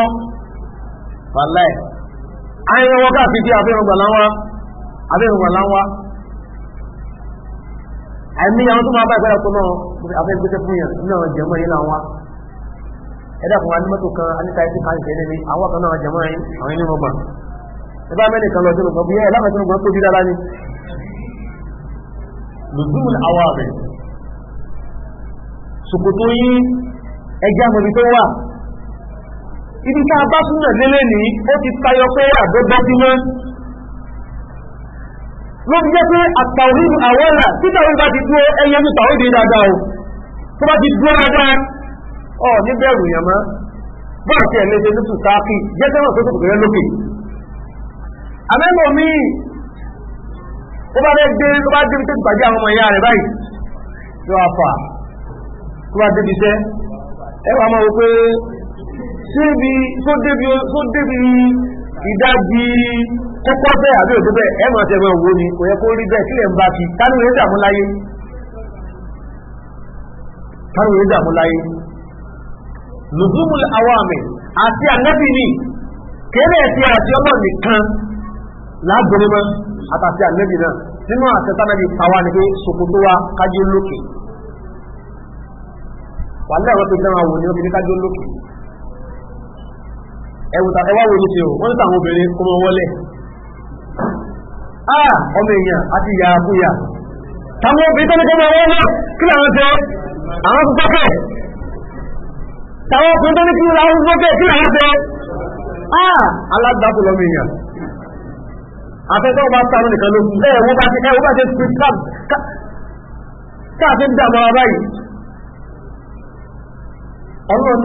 wàláì àyẹ̀wò wọn káàkiri àfihàn gbàláwá àfihàn gbàláwá àìmí àwọn tó máa bá tó náà fún yẹn náà ẹ̀dá fún alimọ́tò kan aníta ẹ̀sìn kan ìṣẹ̀lẹ̀ ni àwọn kan náà jẹ̀mọ́ ẹ̀yìn àwọn inú ọgbà ẹ̀bá mẹ́rin kan lọ́dún ọgbà bí ẹ̀ lámàtí ọgbà tóbi dára ni lùdúmùn àwọn àbẹ̀ ṣòkòtò yí ẹja mọ̀bí tó wà ibi tá a bá súnmọ̀ lélẹ̀ ní ó ti tayọ pé àgbẹ̀gbẹ́ sí mọ́ ló fi jẹ́ pé àtàwọn àwọn ọ̀la títàwọn bá ti dúró ẹyẹ mú tàwọn ìdí dáadáa o tó bá ti dúró dáadáa ọ níbẹ̀rù yàn mọ́ bọ́ọ̀ tí ẹ̀lẹ́ ṣe tútù káàkì jẹ́ tẹ́wọ̀n tó tòkòtò rẹ lókè àmẹ́mọ̀ mi ó bá fẹ́ dé ló bá dé tó gbàjẹ́ àwọn ọmọ ìyá rẹ̀ báyìí tó wà fà tó bá débi iṣẹ́ ẹ wà máa wò pé síbi tó débi tó débi ìdájí kọ́kọ́ bẹ́ẹ̀ àbí òdó bẹ́ẹ̀ ẹ máa tẹ̀wọ̀n wo ni kò yẹ kó rí bẹ́ẹ̀ kílẹ̀ ń bá fi kánú yẹn dààmú láyé kánú yẹn dààmú láyé lùzúmùlù àwàmì àti ànábì ni kéré ẹ̀sìn àti ọlọ́ nìkan lágbèrè mọ́ àtàtì ànábì náà nínú àtẹ́tànábì pàwà ní pé ṣòkòtò wa kájí olókè wà ní àwọn tó jẹ́ àwọn òní obìnrin kájí olókè ẹwùta ẹwà wo ní ti o wọ́n ní tàwọn obìnrin kó mọ wọlé a ọmọ èèyàn àti ìyá àbúyà táwọn obìnrin tó ní kó mọ wọlé kí làwọn jẹ àwọn tó tọ́kẹ̀ táwọn ọkùnrin tó ní kí ra oúnjẹ bẹ́ẹ̀ kí làwọn ṣe ah! alágbàkù lọ́mọ èèyàn afẹ́tọ́ bá sáré nìkan ló kù ẹ̀ wọ́n bá ti ẹ̀ wọ́n bá ti fi káàfin dààmú ara báyìí ọlọ́run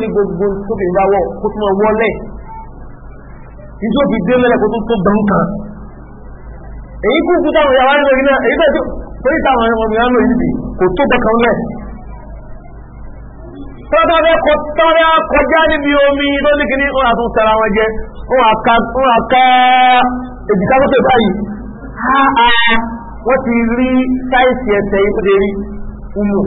ní gbogbo tóbi ìyàwó kó tún wọn wọlé ìjọ fi dé lẹ́lẹ́ kó tún tó gbọ́n kan èyí kú kú táwọn ìyàwó ayélujára èyí bẹ́ẹ̀ tó torí táwọn ọmọ ìyàwó yìí kò tó gbọ́n kan lẹ́ẹ̀ tọ́tọ́ fẹ́ kọ tọ́rẹ́ kọjá níbi omi tó ní kìíní ó àtún tara wọn jẹ ó àká èjìká tó ṣe báyìí wọ́n ti rí sáìsì ẹsẹ̀ ìpínlẹ̀ rí umu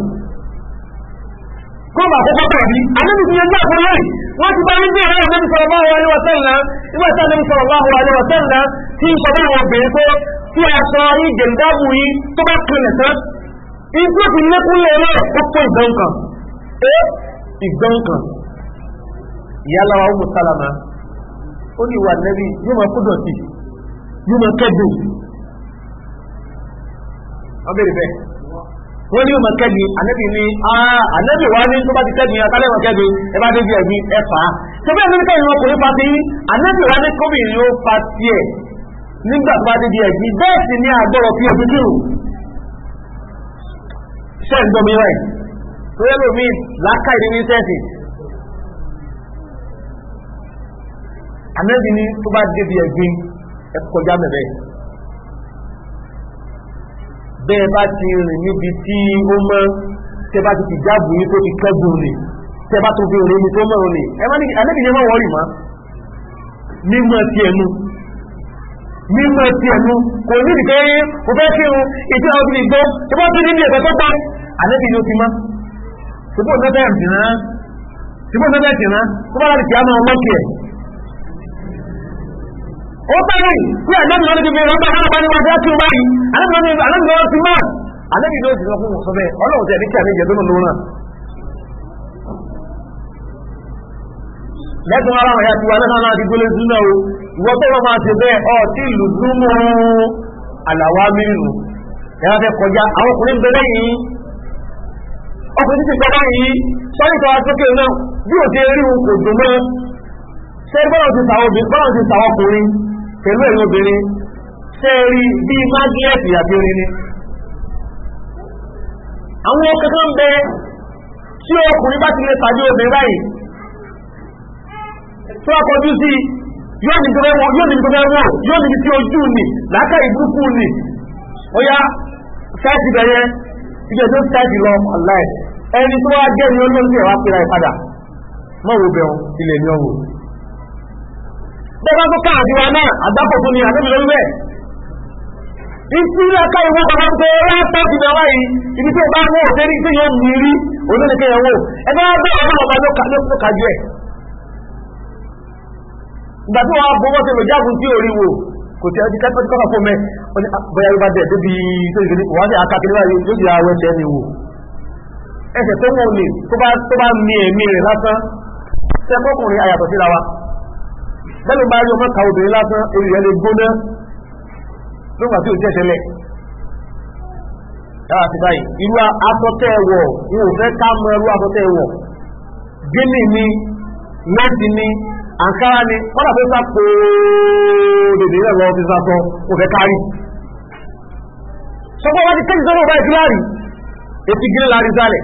kó bà kókó pẹ̀lú bí anábì ti yanjú àpò lórí wọ́n ti bá níbi ẹ̀rọ ìwé sọ̀rọ̀ bá wọn níwọ̀ sẹ́lẹ̀ níwọ̀ sẹ́lẹ̀ sọ̀rọ̀ bá wọn níwọ̀ sẹ́lẹ̀ tí ń sọ bá wọn bèèrè pé tí a sọ ní gẹ̀ǹdàbù yìí tó bá kìlẹ̀ tán ìgbésìn lékún lẹ́rọ̀ ó pọ̀ ìgbọ̀n kan ìgbọ́n kan ìyálà wa ọmọ sálámà ó ní ìwà nẹ́bí yóò máa kúdọ̀ sí yóò máa kẹ́dùn wọ́n bèèrè bẹ́ẹ̀ wọ́n ní yóò máa kẹ́dùn ànẹ́bí ní ah, ànẹ́bí wa ní tó bá ti kẹ́dùn yà kálẹ̀ wọn kẹ́dùn ẹ bá débi ẹ̀mí ẹ fà á tó bẹ́ẹ̀ ní kẹ́yìn wọn kò ní pati ànẹ́bí wa ní kóbìnrin ó pa tiẹ̀ nígbà tó bá débi ẹ̀mí bẹ́ẹ̀ sì ní àgbọ̀rọ̀ fi ẹ̀mí tó yẹ́ lómi láká ìrírí sẹ́ẹ̀sì anẹ́bí ní tó bá débi ẹ̀gbin ẹkọjá mẹ́rẹ́ bẹ́ẹ̀ bá ti rìn níbi tí ó mọ́ tẹ́ bá ti jáàbù yí tó ti kẹ́gùn rìn tẹ́ bá tó fi rìn ní tó mọ́ rìn anẹ́bí ní wọ́n wọ́rì mọ́ mímọ́ ti ẹnu mímọ́ ti ẹnu kò ní ìdíkẹ́ yín kò fẹ́ kírun ìdí àwọn obìnrin gbọ́ tó bá tún níbi ẹ̀kọ́ tó pa anẹ́bí ní ó ti mọ́ ṣùgbọ́n ọ̀nà bẹ́ẹ̀ tìrán ṣùgbọ́n ọ̀nà bẹ́ẹ̀ tìrán tó bá láti kíámọ̀ ọlọ́kì ẹ̀ ó bẹ́ẹ̀ pé àjọ́bì lọ́dún gbogbo ọ̀rọ̀ bá bá nípa bẹ́ẹ̀ tí ó báyìí alẹ́bìnrin ọ̀rọ̀ ti máa alẹ́bì lẹ́gbọ̀n ara wọn ya wà lẹ́nà láti gbólé súnà o ìwọ tó wọ́n máa ṣe bẹ́ẹ̀ ọ tí ìlú dúnmọ́ àlàwà mìíràn ẹ̀rọ fẹ́ kọjá àwọn ọkùnrin ọkùnrin ti sọpá yìí sọ́rí ìtọ́wà sókè náà bí ò ti rí òkò dùn mọ́ ṣe bọ́ọ̀ ti sàwọ́ ọkùnrin pẹ̀lú ẹ̀rọ obìnrin ṣe rí bí mágíẹ̀tì àti orin ni àwọn ọkùnrin bẹ tí ọkùnrin bá ti lè pàdé obìnrin báyìí tó ọkọ̀jú sí yóò ní gbogbo ẹwọ yóò ní gbogbo ẹwọ yóò ní tí ojú ni láká ìbúkú ni ó yá sáìtì bẹ̀rẹ̀ ìjọ tó sáìtì lọ ọ̀láì ẹni tó wá jẹ́ ní olóògbé ẹ̀wà pèrà ìpadà mọ́wò bẹ̀rún ilẹ̀ ní ọwọ́ bẹ́bá tó káàdì wa náà àgbákò fún ni àdébìlẹ̀ rẹ̀ ìtìlẹ̀ ká ìwé bàbá tó rá tàbí náà wáyé ibi tó bá mú òṣèré tí yóò mú rí olóògbé ẹ̀wọ̀ ẹgbẹ́ wọn bẹ́ẹ̀ ọmọ bàbá ló kájú ẹ̀ ìgbà tí wọ́n bọ́ wọ́n ti lọ jágun tí orí wo kò tí a ti kẹ́kọ̀ọ́ fún mẹ́ ah, bọ́yá ló bá dẹ̀ débi tó ìgbèlè wọ́n ti àkàkiri wáyé yóò ti àwẹ̀ tẹ́ ni wò ẹsẹ̀ tó wọ́n lè tó bá mi ẹ̀mí rẹ̀ lásán tẹ́kọ́kùnrin ayàtọ̀ síra wa bẹ́lú bá rí ọmọ ka obìnrin lásán orí rẹ̀ lè gbóná lóògbà tí ó jẹ́ ṣẹlẹ̀ yára ti báyìí irú asọ́tẹ́ ni mẹ́tì ni àǹkárá ni kọ́dà tó sá pòódèdè rẹ̀ lọ fi sàtọ̀ kò fẹ́ kárí sọ́kọ́ wá ti kéjì sọ́kọ́ báyìí kíláàrí ètí gíní láàrin sálẹ̀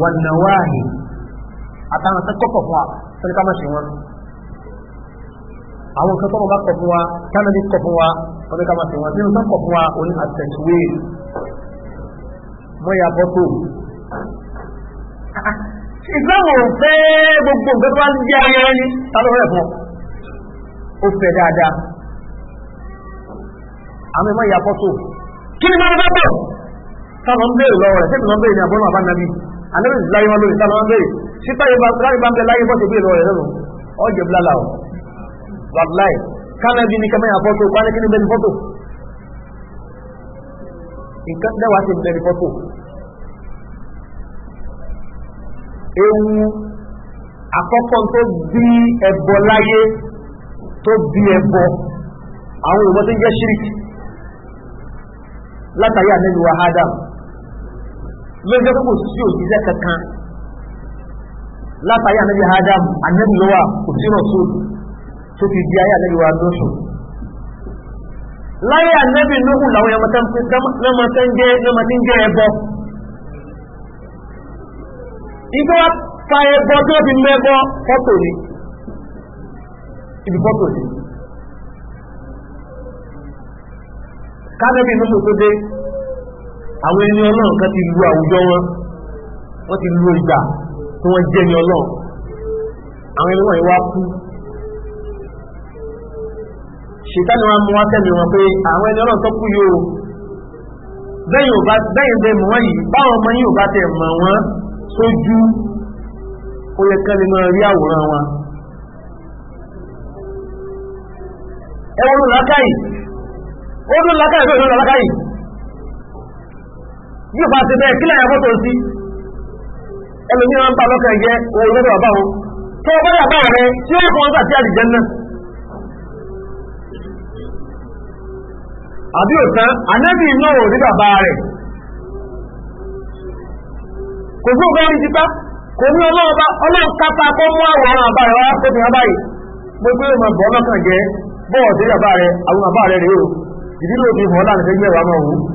wà nàwáàhì àtàwọn tó kọ́kọ̀ fún wa tó ní ká má ṣe wọn àwọn kan tọ́nà bá kọ̀ fún wa tánà ní kọ̀ fún wa tó ní ká má ṣe wọn nínú tó kọ̀ fún wa òní àtẹ̀síwé mọ́ bọ́ tó ìgbàwọ̀ fẹ́ gbogbo nǹkan tó wá ń jẹ́ ayẹyẹ ní tálọ́ rẹ̀ fún ó fẹ́ dáadáa àwọn ẹ̀mọ́ ìyàpọ̀ tó kí ni máa bá bọ̀ táwọn ń béèrè lọ́wọ́ rẹ̀ tẹ́tù lọ́n béèrè ní àbọ́nà àbánabi àlẹ́bí láyé wọn lórí sáà lọ́wọ́ bẹ́ẹ̀ sípà láyé bá ń bẹ láyé bọ́ ti bí ìlọ rẹ̀ lọ́rùn ọjẹ́ blala ọ̀ wàláì kánàbí ní kẹmẹ́yà fọ́tò kánà kí ní bẹ́ẹ̀ fọ́tò nǹkan dáwà ti bẹ́ẹ̀ fọ́tò ewu àkọ́kọ́ tó bí ẹbọ láyé tó bí ẹbọ àwọn olùmọ́ tó ń jẹ́ ṣíríkì látàrí àmẹ́lùwà Adam lójọ́ kò sí òjíṣẹ́ kankan látàrí ànábì adam ànábì lọ́wà kò sí rọ̀sùn tó fi di ayé ànábì wa lóṣù láyé ànábì lóhù làwọn ẹmọ tẹ́ ń jẹ́ ẹbọ ìgbọ́ fa ẹbọ tó fi mẹ́bọ fọ́tò ni ibi fọ́tò ni kánẹ́bì lóṣù tó dé àwọn ẹni ọlọ́run kan ti lu àwùjọ wọn wọ́n ti lu ìgbà tí wọ́n jẹ́ ni ọlọ́run àwọn ẹni wọ̀nyí wá kú ṣètàní wọn mú wá tẹ̀lé wọn pé àwọn ẹni ọlọ́run tó kú yóò bẹ́yìn ò bá bẹ́yìn bẹ́ẹ̀ mọ́ yìí báwọn ọmọ yìí ò bá tẹ̀ mọ̀ wọ́n sójú ó yẹ kán lè máa rí àwòrán wọn ẹwọ́n ló lákàyè ó dún lákàyè tó ìlú lákàyè bí o bá ti bẹ́ẹ̀ kílẹ̀ ẹ̀kọ́ tó sí ẹlòmí wọn bá ọba wọn tó o bọ́dọ̀ bá rẹ tí ó kọ́ ọ́nà sí àdìjẹ́ náà àbí òtán anẹ́bí iná ò rí bàbá rẹ̀ kò fún kò ní ọlọ́ọ̀bá ọlọ́ọ̀ kápá kó mú àwòrán àbá wá ìmọ̀ bọ́ jẹ́ bọ́ọ̀ sí àwọn rèé o ìdílé òbí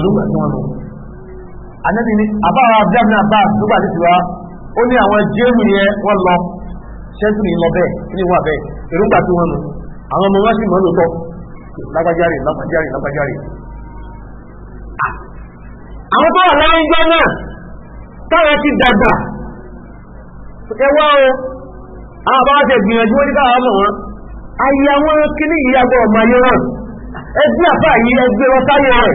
ìrúgbà tí wọ́n lò anábì ní àbáwá abdulhamid abbas tó gbà títí wa ó ní àwọn jẹ́rù yẹn wọ́n lọ ṣẹ́jú ní lọ bẹ́ẹ̀ kí ni wà bẹ́ẹ̀ ìrúgbà tí wọ́n lò àwọn ọmọ wọn sì mọ́ lóòótọ́ lágbájáre lágbájáre lágbájáre àwọn tó wà láwọn ìjọ náà táwọn ti dàgbà ẹwà o àwọn bá ṣe gbìyànjú wọ́n ní káwọn ọmọ wọn ayé àwọn kíní yìí agbọ́ ọmọ ayé wọn ẹgbẹ́ àfáà yìí ẹgbẹ́ wọn sáyé rẹ̀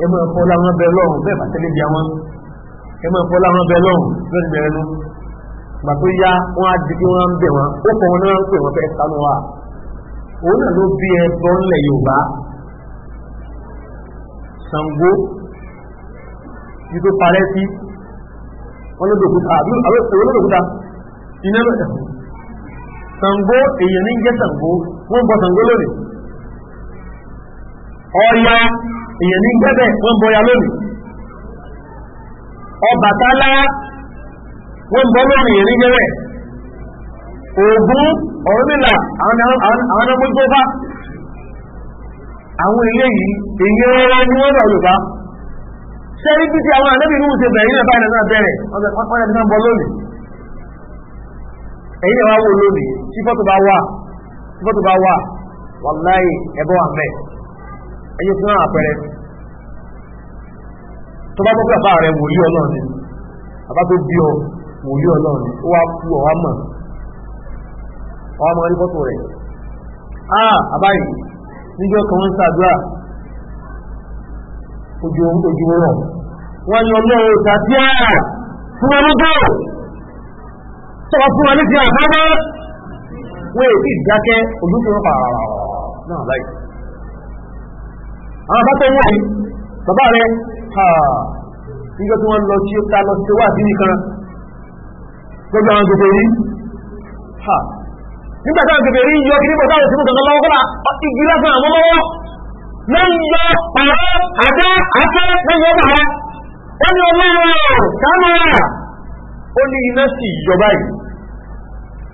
ẹ máa fọ́ láwọn bẹ lọ́rùn bẹ́ẹ̀ bá tẹ́lẹ̀ bí àwọn ẹ máa fọ́ láwọn bẹ lọ́rùn lórí bẹ̀rẹ̀ nu gbà tó yá wọn á di kí wọn ń bẹ wọn ó kọ wọn náà ń pè wọn fẹ́ sánú wa òun náà ló bí ẹbọ ńlẹ̀ Yorùbá Ṣàngó yìí tó parẹ́ sí ọlọ́dọ̀kúta olódòkúta iná lọ́dà Ṣàngó èèyàn ní jẹ́ Ṣàngó wọ́n bọ Ṣàngó lónìí Ọya èyàn ní gbẹ́bẹ̀ wọ́n bọ́ya lónìí Ọbàtálá wọ́n bọ́ lónìí èyàn ní gbẹ́bẹ̀ Ògún Ọ̀rúnmìlà àwọn ọmọdébá àwọn ilé yìí èyí ọwọ́ ni wọ́n bá Yorùbá sẹ́rí bí ti àwọn ànábì ní ìṣe bẹ̀rẹ̀ nípa ìrìnà bẹ̀rẹ̀ ọ̀rẹ́ ti náà bọ́ lónìí èyí ni wá wò lónìí tí fọ́tò bá wà tí fọ́tò bá wà wàláì ẹ̀bọ́ àmẹ́ ẹ̀yẹ fún àpẹẹrẹ tó bá gbọ́gbà bá rẹ̀ wòlí ọlọ́run ni àbá tó bí ọ wòlí ọlọ́run ni ó wá kú ọwá mọ̀ ọwá mọ̀ rí fọ́tò rẹ̀ ah àbáyìí níjọ́ kan wọ́n ṣàdúrà ojú ojú rọ̀ wọ́n yọ lọ́wọ́ tàbí àrà fún ọlọ́gbọ́ tọ́wọ́ fún ọlọ́ ti àbábọ́ wọ́n èdè ìdákẹ́ olúkẹ́ pààrà náà láì àwọn bá tó wọ́n yìí bàbá rẹ̀ nígbà tí wọ́n lọ sí ta lọ sí wà sí nìkan gbogbo àwọn gbogbo rí nígbà táwọn gbogbo rí yọ kíní bọ̀tá òsínú kankan lọ́wọ́ kọ́lá igi lásán àwọn lọ́wọ́ lẹ́yìn yọ pàrọ̀ àdá àfẹ́ lẹ́yìn ọba rẹ̀ ó ní ọlọ́run kámẹ́rà ó ní iná sí ìjọba yìí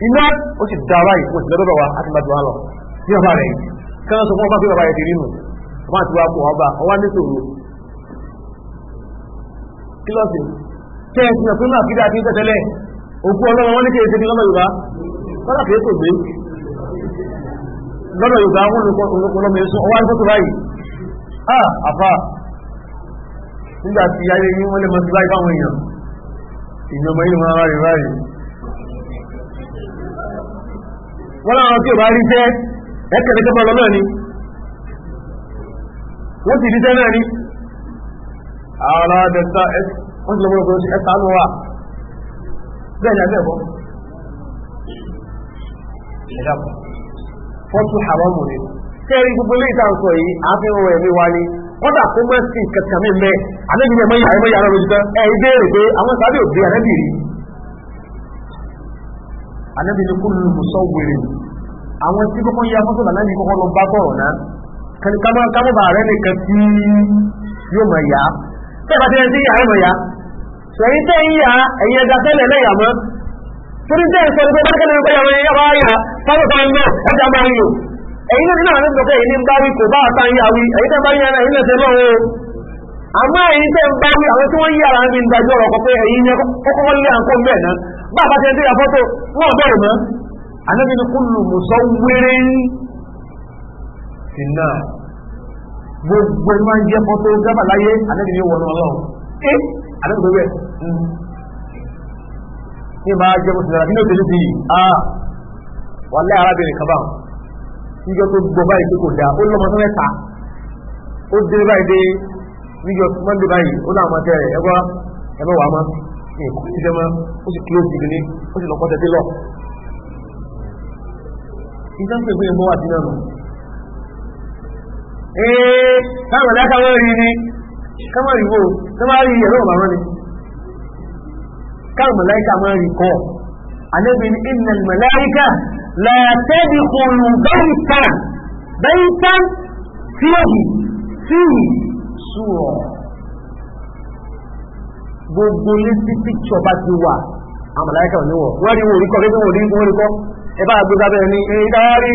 iná ó sì dá báyìí mo sì lọ́dọ̀ wa àti bàbá wa lọ sí ọba rẹ̀ kí wọ́n sọ fún ọba pé bàbá rẹ̀ ti kílọ̀sì tẹ́ ẹ̀ tìyàn fún àkídà àti tẹ́tẹ́lẹ̀ òkú ọlọ́run wọn ní kéèké ní lọ́mọ yorùbá kọ́lá kìí kò gbé lọ́mọ yorùbá wọn ló kọ́ lọ́mọ yẹn sún ọwọ́ àdúgbò báyìí a àfà nígbà tí ayé yín wọ́n lè mọ sí báyìí fáwọn èèyàn ìyàn ọmọ yìí wọn ara rẹ̀ báyìí wọ́n láwọn tí ò bá rí jẹ́ ẹ̀kẹ́kẹ́ bọ́ lọ́nà ni wọ́n sì rí jẹ́ náà ni àràádẹ sá wọ́n ti lọ́wọ́ àwọn tí fọ́tò lọ bá kẹ́ni kámọ́ nìkan tí yóò mọ̀ yá tẹ́ẹ̀bá ti rẹ̀ sí ìyá ẹ̀mọ̀ ya ṣẹ̀yìn tẹ́ ń yà ẹ̀yìn ẹ̀dà tẹ́lẹ̀ lẹ́yà mọ́ torí tẹ́ ń sọ ní pé bá kẹ́lẹ̀ nípa ìyàwó ẹ̀yà wáyà sábàbà ń lọ ẹ̀dà máa ń lò ẹ̀yìn náà nínú àwọn ìgbọ̀kẹ́ yìí ní ń bá wí kò bá àtà ń yà wí ẹ̀yìn tẹ́ bá ń yàrá ìlẹ̀sẹ̀ náà o àmọ́ ẹ̀yìn tẹ́ ń bá wí àwọn tí wọ́n yí gbogbo ẹni máa ń jẹ́ fọ́tò gábà láyé àlẹ́bí ni wọnú ọlọ́run ẹ àlẹ́bí gbogbo ẹ̀ ní máa jẹ́ fọ́tò lára nínú òṣèlú yìí a wà lẹ́ arábìnrin kan báwọn níjọ tó gbọ́ báyìí tó kò dáa ó lọ́mọ tó mẹ́ta ó dé báyìí dé níjọ mọ́ndé báyìí ó náà máa tẹ̀rẹ̀ ẹgbọ́ ẹgbọ́ wàá mọ́ nǹkan ìjẹ́ mọ́ ó sì kíló jìbì ní ó sì lọ́kọ́ tẹ́tí lọ ìjọ́ ń pè fún ẹgbọ́ wà sí náà ee eh, táwọn ẹ̀dá káwọn rí ni káwọn rí wo káwọn rí ẹ̀rọ bàbá ni káwọn mọ̀láìkà máa rí kọ́ àlébi ní ìnà mọ̀láìkà làtẹ́bí kòlù bẹ́ẹ̀tàn bẹ́ẹ̀tàn fíòhì fíì súwọ̀ gbogbo létí píkṣọ̀ bá ti wà àmàláìkà òníwọ̀ wọ́n rí wo orí kọ́ gẹ́gẹ́ wo orí kọ́ orí kọ́ ẹbá agbégbábẹ́ ní ẹ̀yìn dáwárí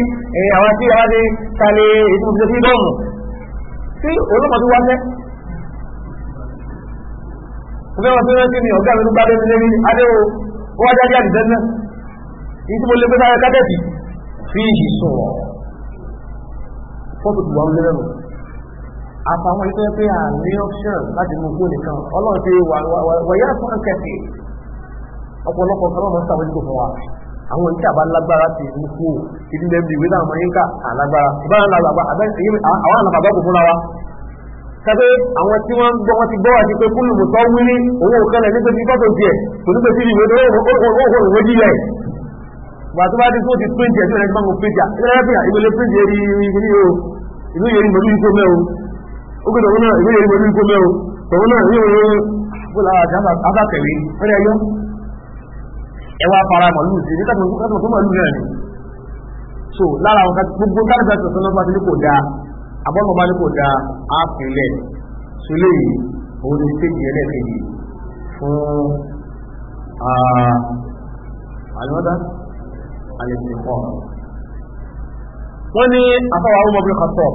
àwọn tí àwọn tí tàlẹ̀ ìtùkùsẹ̀ sí bọ́ọ̀mù tí olóòmọ̀ tó wáṣẹ́ ọgbẹ́wọ̀n tó rántí ni ọ̀gá mi ló bá lẹ́nu lẹ́nu adéwò ó wájá jẹ́ àdìdẹ́ náà ní tí mo lè gbẹ́sára kábẹ́ẹ̀tì fi ìyí sọ̀rọ̀ fọ́tò tó wà ń lẹ́rù àtàwọn ìfẹ́ pé à ní ọ́ṣọ́n láti mú kó nìkan ọlọ́run ti wà wáyà fún kẹfì ọ̀pọ̀lọpọ̀ kan náà mọ́ sáwọn ìdíkò fún wa àwọn tí àbá lágbára ti ń kú ìdí lẹ́bi ìwé náà máa ń kà àlágbára ìbára náà àgbà àwọn àlàbàbà kò fúnra wa. sábẹ́ àwọn tí wọ́n ń gbọ́ wọ́n ti gbọ́ àti pé kúlù mùtọ́ wí ní owó kẹlẹ̀ nígbà tí fọ́tò tiẹ̀ kò nígbà tí ìwé tó wọ́n wọ́n jílẹ̀. wà tó bá dé tó ti print ẹ̀ tó rẹ̀ gbọ́n print ẹ̀ ilé ẹ̀fìn ìwélé print yẹri ìwé o ìwé yẹri mọ̀lú ikó mẹ́ o ó gbé tòun náà ìwé yẹri mọ̀lú ikó mẹ́ o tòun náà ìwé yẹri ẹ wá fara màlúù sí ní kàtàkùn kàtàkùn tó màlúù náà ni so lára àwọn gbogbo dáadáa tó sọ́nà pàtó ní kò dáa àbọ̀mọ̀ bá ní kò dáa á pinlẹ̀ so léyìí òun ni stéèjì ẹlẹ́ẹ̀kejì fún àlọ́dá àlẹ́sìnkọ́ wọ́n ní afọ́wà ọmọ bí kàtọ́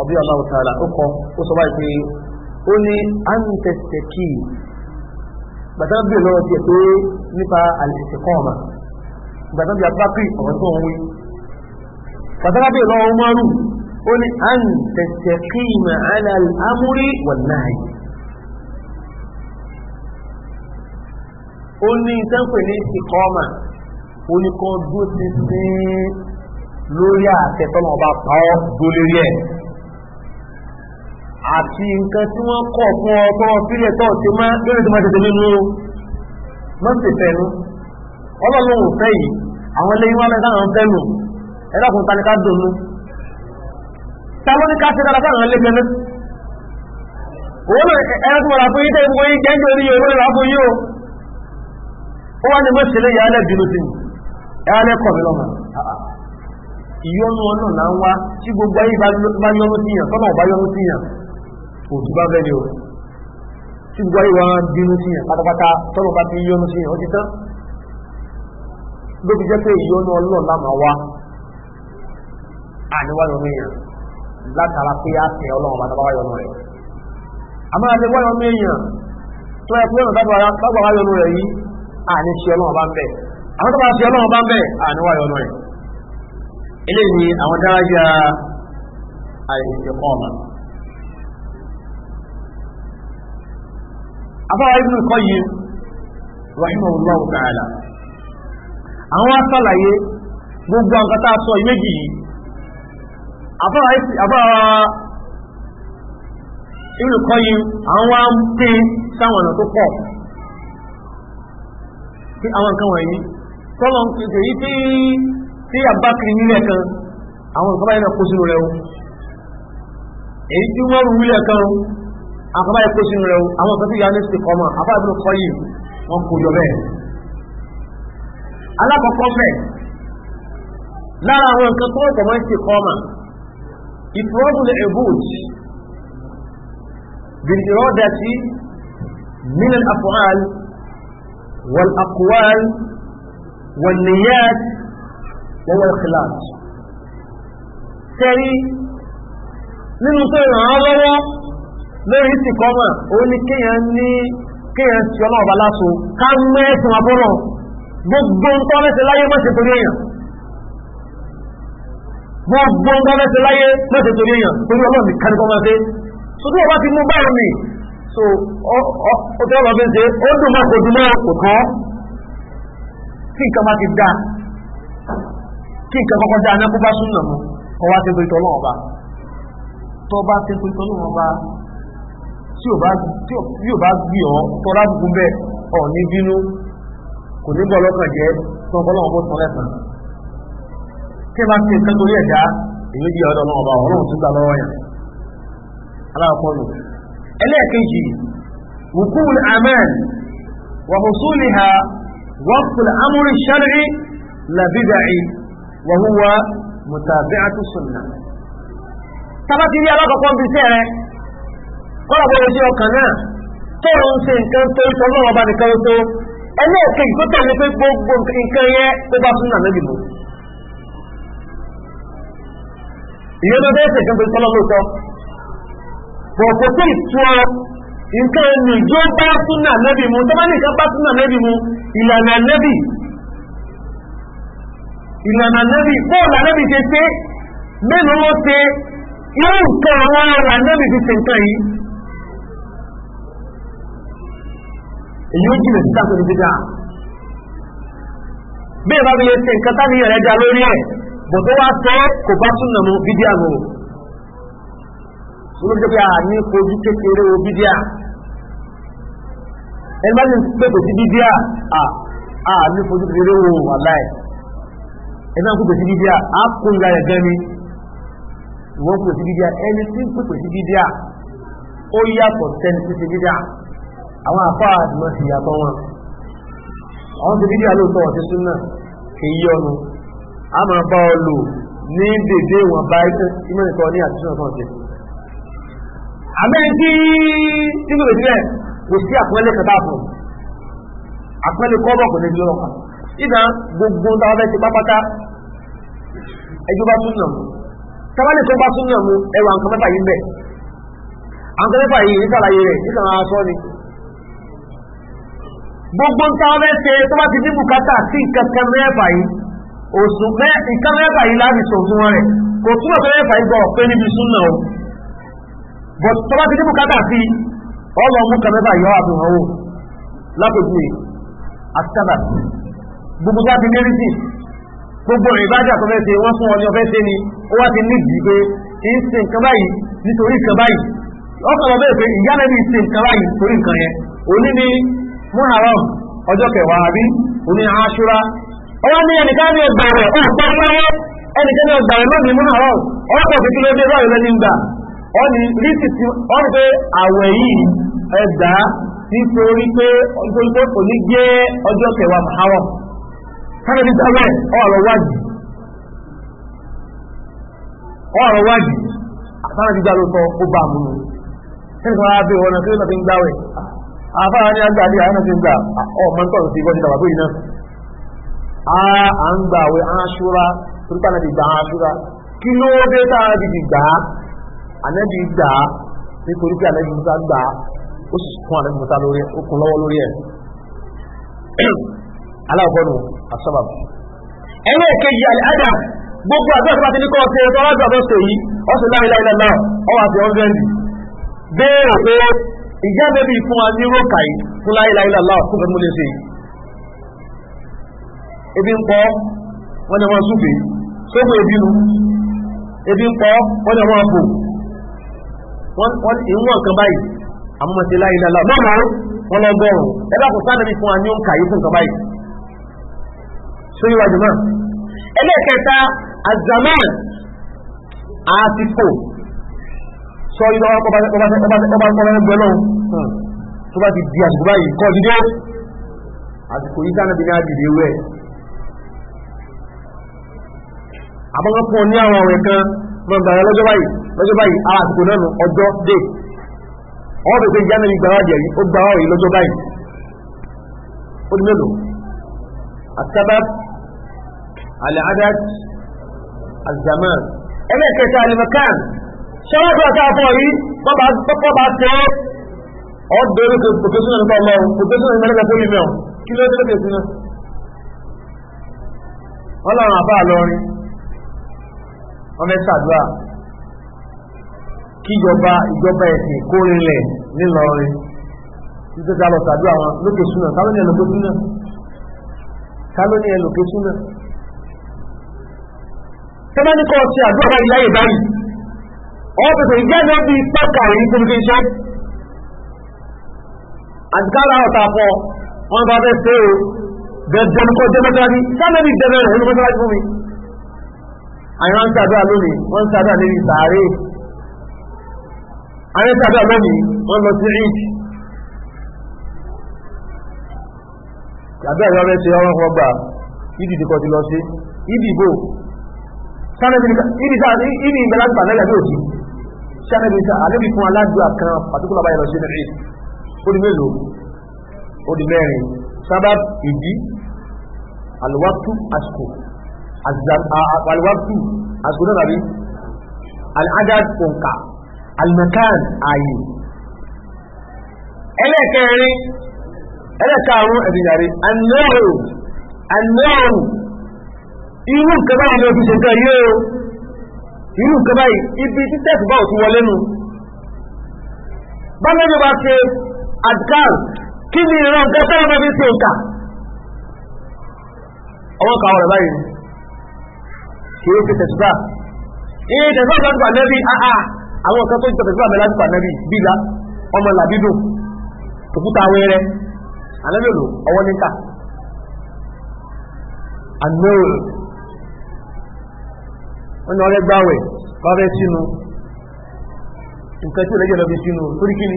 ọbí ọlọ́wọ́ tààlà ó kọ ó sọ báyìí pé ó ní à ń tẹ̀sẹ̀ kíì bàtà bí ọlọ́rọ̀ tiẹ̀ pé nípa àlèṣe kan ọ̀mà bàtà bí abákì ọ̀rọ̀ tó ń wí bàtà bí ọlọ́rọ̀ ọmọrù ó ní à ń tẹ̀sẹ̀ kí ìmọ̀ àlà amúrí wà náà ó ní ìtẹ́ǹpẹ̀ ní ìkọ́ ọ̀mà ó ní kan dúró ti sin lórí àtẹ̀tọ́nà ọba pa dólérí ẹ̀ àti nǹkan tí wọ́n kọ̀ fún ọkọ̀ sílẹ̀ tó ti má lórí tó má tètè nínú mọ́sí fẹ́nu ọlọ́run ò fẹ́ yìí àwọn ilé ìwọ́n mẹ́ta àwọn ẹlọ́kùn ta dùnú dára fáwọn ilé fún gbogbo orí yóò fún ó wá ní sí ìyọnu wá tí gbogbo ayé bá tọ́nà òtúbá bẹ́ẹ̀ ni o tí gbogbo ayé wa ń bínú sí yẹn pátápátá tọ́nà bá ti yọnu sí yẹn ó ti tán ló fi jẹ́ pé ìyọnu ọlọ́run lámà wá àníwá yọnu yẹn látara pé á tẹ ọlọ́run bá dábàá yọnu rẹ̀ àmọ́ àníwá yọnu yẹn tó yẹ kí ọ̀nà dábàá yọnu rẹ̀ yìí àní sí ọlọ́run bá ń bẹ̀ àwọn tó bá sí ọlọ́run bá ń bẹ̀ àníwá yọnu rẹ̀ eléyìí àwọn dára yà àìsèkọ́ ọ̀nà afáwà ibùdó kọ́ yìí rahimahullahu ta'ala àwọn asàlàyé gbogbo àwọn kata sọ ìméjì yìí afáwà ibùdó kọ́ yìí àwọn ń pè sáwọn ọ̀nà tó pọ̀ tí àwọn nǹkan wọ̀nyí tọ́lọ̀ ń pèsè yìí tí tí àbákiri nílẹ̀ kan àwọn nǹkan báyìí kó sínú rẹ̀ o èyí tí wọ́n rú nílẹ̀ kan àkọ́bá yẹ kó sínú rẹ̀ o àwọn ọ̀sán tí ìyá ní sí kọmọ̀ àbájúmọ̀ kọ́ yìí wọ́n kò jọ bẹ́ẹ̀ alákọ̀ọ́kọ́ bẹ̀ lára àwọn nǹkan tó ọ̀pọ̀ mọ́ sí kọmọ̀ ìfọ́bùlẹ̀ ẹ̀bùt bìrìrọ́dàtí من الأفعال والأقوال والنيات وهو الخلاص تري من صنع عضوة lórí ìsìnkọ́mọ̀ ó ní kéèyàn ní kéèyàn sí ọlọ́run ọba láṣọ ká mẹ́sùn abọ́rọ̀ gbogbo nǹkan mẹ́sẹ̀ láyé mọ́sẹ̀ torí èèyàn gbogbo nǹkan mẹ́sẹ̀ láyé mọ́sẹ̀ torí èèyàn torí ọlọ́run nìkan ní kọ́mọ́ sí so tí ọba ti mú báyìí ni so ó tẹ́ ọba fi ń ṣe ó dùn máa kò dùn máa kò tán kí nǹkan bá ti dá kí nǹkan kọ́kọ́ dá anákú bá súnà mọ́ ọwá ti ń torí ọba tọ́ bá ti ń torí tọ́lọ́run ọba tí o bá gbí ọ tọ́ lásìkò bẹ́ẹ̀ ọ̀ ní bínú kò ní bọ́ lọ́kàn jẹ́ tọ́kọ́lọ́wọ́ bó tán lẹ́sàn kí bá nǹkan torí ẹ̀dá èyí ọ̀dọ̀ ọba ọlọ́run tó gbà lọ́wọ́ yẹn ẹlẹ́ẹ̀kejì amúrí ṣẹ́rí mùtàbí àtúnṣùnà alákọ̀ọ́kọ́ bí sẹ́rẹ̀ kọ́lá bọ́ ojú ọkàn náà tó ń ṣe nǹkan tó ń sọ náà ọba nìkan tó ẹlẹ́ẹ̀kejì tó tẹ̀lé pé gbogbo nǹkan yẹn tó bá tún nàmẹ́ dìbò ìyẹn tó bẹ́ẹ̀ sẹ̀kẹ́ pé sọ́lọ́ lóòótọ́ bọ̀ kò tó ìtura nǹkan ẹni ìjọ bá tún nàmẹ́bì mu tó bá nìkan bá tún nàmẹ́bì mu ìlànà nẹ́bì ìlànà nẹ́bì bọ́ọ̀lù ànẹ́bì ṣe ṣe mélòó ló ṣe irú nǹkan àwọn ànẹ́bì ti ṣe nǹkan yìí èyí ó jìnà sí sáfẹ́ níbi dáa bí ìbá bí lè ṣe nǹkan tábí rẹ̀ dá lórí ẹ̀ bọ̀ tó wá sọ kò bá tún nàmú bídíà lò olóòjọ́ pé a ní ojú kékeré o bídíà ẹni bá ní pé kò sí bídíà a ní ojú kékeré o wà láì ẹni bá ní kò sí bídíà a kó ìyá rẹ̀ gan ni wọ́n kò sí bídíà ẹni tí kò sí bídíà ó yàtọ̀ sẹ́ni tó ṣe bídíà àwọn àpá àdìmọ̀ sí ìyàtọ̀ wọn àwọn ti dídí àlóòtọ́ ọ̀tí súnà kìí yọnu a máa bá ọ lò ní dèdè wọn bá ìmọ̀ nìkan ní àtúnṣe kan ṣe àmẹ́rin tí tí kò lè kò sí àpẹẹlẹ kẹta fún àpẹẹlẹ kọ́bọ̀ kò lè jọ ọ̀pá ìdá gbogbo táwọn fẹ́ ti pápátá ẹjọ́ bá súnà mú tábàlì tó àwọn kan yìí ní sàlàyé rẹ̀ nígbà máa sọ ni gbogbo ń táwọn mẹ́sẹ̀ tó bá ti ní bùkátà sí ìkankan mẹ́fà yìí òsùn ìkan mẹ́fà yìí láti sòsùn wọn rẹ̀ kò túnbọ̀ tó mẹ́fà yìí gbọ́ pé níbi súnà o but tó bá ti ní bùkátà sí ọlọ mú kan mẹ́fà yìí ọ̀hún ọ̀hún lápòjú yìí àtàbà gbogbo bá ti lérí sí gbogbo ìbájà tó fẹ́ẹ́ wọ́n fún ọ ní ọfẹ́ ṣe ni ó wá ti nídìí pé kì í ṣe nǹkan báyìí nítorí nǹkan báyìí ọkọ̀ lọ bẹ́ẹ̀ pé ìyá ni muharram ọjọ́ kẹwàá àbí oní aṣúra ọwọ́ ní ẹnìkan ní ẹgbà rẹ̀ ó pàpàwọ́ ẹnìkan ní ẹgbà rẹ̀ lónìí muharram ọwọ́ pọ̀ kíkí ló dé ní àwẹ̀ yìí ẹgbà nítorí pé ọjọ́ kẹwàá àfáà ní ti ń gbà ah, ọmọ sí ìwọ́n ti a ń gbà àwẹ̀ aṣúra torípa náà ti gbà aṣúra kí ló dé tára ti gbà ànẹ́bí gbà nítorí pé ànẹ́bí musa gbà ó sì fún musa lórí lọ́wọ́ lórí ẹ̀ aláàbọ̀nù gbogbo ní láìláìláìlá ìjẹ́ bẹ́bí fún wa ní rókà yìí fún láìláìláà fún fẹ́ múlé sí ebi ń pọ́ wọ́n ni wọ́n súnfẹ́ sókò ebi nu ebi ń pọ́ wọ́n ni wọ́n bò wọ́n ìwọ̀n kan báyìí àmúmọ̀sí láìláìláà lọ́nà wọn lọ́gọ́rùn ẹgbẹ́ kò sáré fún wa ní ó ń kà yìí fún kan báyìí só yíwájú náà ẹlẹ́kẹta azaman àsìkò sọ ilé ọkọ̀ bá ẹgbẹ́ lọ́wọ́ tó bá ti di àsìkò báyìí kọ́ dídé àsìkò yìí sáà nàbí ní àdìdè wẹ̀ àbọ́kọ́ fún ọ ní àwọn ọ̀rẹ́ kan mọ̀ gbàrà lọ́jọ́ báyìí lọ́jọ́ báyìí ara àsìkò náà ọjọ́ dé ọ́ bèbè ìyá náà gbàrà jẹ̀ yìí ó gbàrà yìí lọ́jọ́ báyìí ó ní mélòó àtàbà àlẹ́ àdáàt àzàmán ẹlẹ́kẹta àlẹ́mọ̀kán ṣọ́rọ̀tọ̀ àti àfọ́ yìí pọ́pọ́ bá tẹ́ ọdọ́rí pòtẹ́sùn ẹ̀nà ọlọ́run pòtẹ́sùn ẹ̀nà ẹ̀nà fún ìmẹ̀ kí ló dé sínú wọ́n láwọn àbá lọrin wọ́n fẹ́ ṣàdúrà kí ìjọba ìjọba ẹ̀sìn kó rinlẹ̀ nílọrin títí ká lọ ṣàdúrà wọn lókè súnà kálóní ẹlòkè súnà kálóní ẹlòkè súnà tẹ́lá ní kọ́ ọ̀sẹ̀ àdúrà ìyá ìbáyìí ọ́pẹ̀sẹ̀ ìgbẹ́gbẹ́ bí pẹ́kà èyí tó fi ṣe àdìkára ọ̀ta fọ́ wọn bá bẹ́ ṣe o dẹ̀dẹ̀mkọ́ jẹ́mọ́tàrí sálẹ́bí dẹ̀rẹ̀ rẹ̀ ní mọ́tàrí fún mi àyíwá ń sàdúrà lónìí wọ́n ń sàdúrà lórí sàárè àyíwá ń sàdúrà lónìí wọ́n lọ sí rí yàgbẹ́ ìyọ́rẹ́ ṣe ọrọ̀ ọgbà ìdì ti kọ́ ti lọ sí ìdìbò sálẹ́bí ìdì ìgbàlagbà lẹ́yà ní òsì tí a nẹ́bi sá alẹ́bi fún aládùá kan pàtíkùlà báyìí lọ sí nàìjíríà ó di mélòó ó di mẹ́rin sábàb ìdí alwaktu àsìkò alwaktu àsìkò náà tàbí al'adad òǹkà almakan ààyè ẹlẹ́kẹrin ẹlẹ́kàrún ẹ̀dìyàrí annáwó annáwó irú nǹkan báwọn ló fi ṣe nǹkan yìí o inú nǹkan báyìí ibi tí tẹ́ẹ̀tì bá òtún wọlé nu báwọn ẹni bá ṣe adkar kí ni ìran nǹkan tẹ́wọ́n bá fi ṣe òǹkà ọwọ́ kan ọ̀rẹ́ báyìí kì í ṣe tẹ̀síbà ìyẹn tẹ̀síbà tó ń pa nẹ́bí àá àwọn nǹkan tó ń tẹ̀síbà mẹ́lá ń pa nẹ́bí bíla ọmọ làbídò òkúta wẹrẹ alẹ́ lòlò ọwọ́ níta àmì wọ́n ní ọ̀rẹ́ gbáwẹ̀ bá fẹ́ sínú nǹkan tí ó lẹ́jọ́ lọ fi sínú torí kíni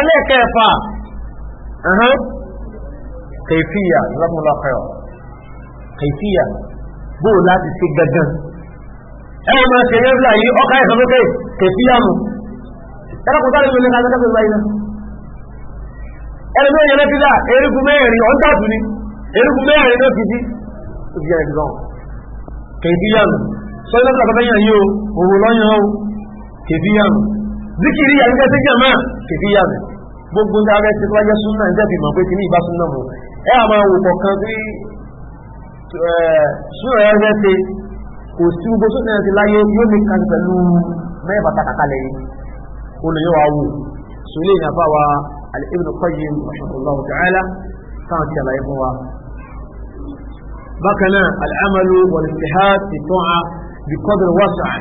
ẹlẹ́ẹ̀kẹfà kẹfíyà lọ́pọ̀lọpọ̀ kẹfíyà bóò láti ṣe gangan ẹwọ́n máa ṣe yẹ́bùlá yìí ọkà ẹ̀sọ́ lókè kẹfíyà mú ẹlẹ́kùnrin tó lè kájọ́ kẹfíyà yìí ẹlẹ́gbẹ̀ẹ́ yẹn lẹ́fíyà erékùn mẹ́rin ọ̀dàdù ni erékùn mẹ́rin ló fi sí òbí ẹ̀rẹ̀ lọ kèbíyàmù sọ ilé ọ̀pọ̀lọpọ̀ yàn yóò òwò lọ́yàn ó kèbíyàmù zikiri yà ń jẹ́ sí jàmá kèbíyàmù gbogbo ní abẹ́ ti wáyé súnà ń jẹ́bi mọ̀ pé kì ní ìbá súnà mọ̀ ẹ à máa wò kọ̀ọ̀kan bí súnà yà ń jẹ́ sí kò sí gbogbo súnà yà ti láyé yóò ní bákan na al'amalu wal-ijtihad fi ta'a bi qadri wasi'ah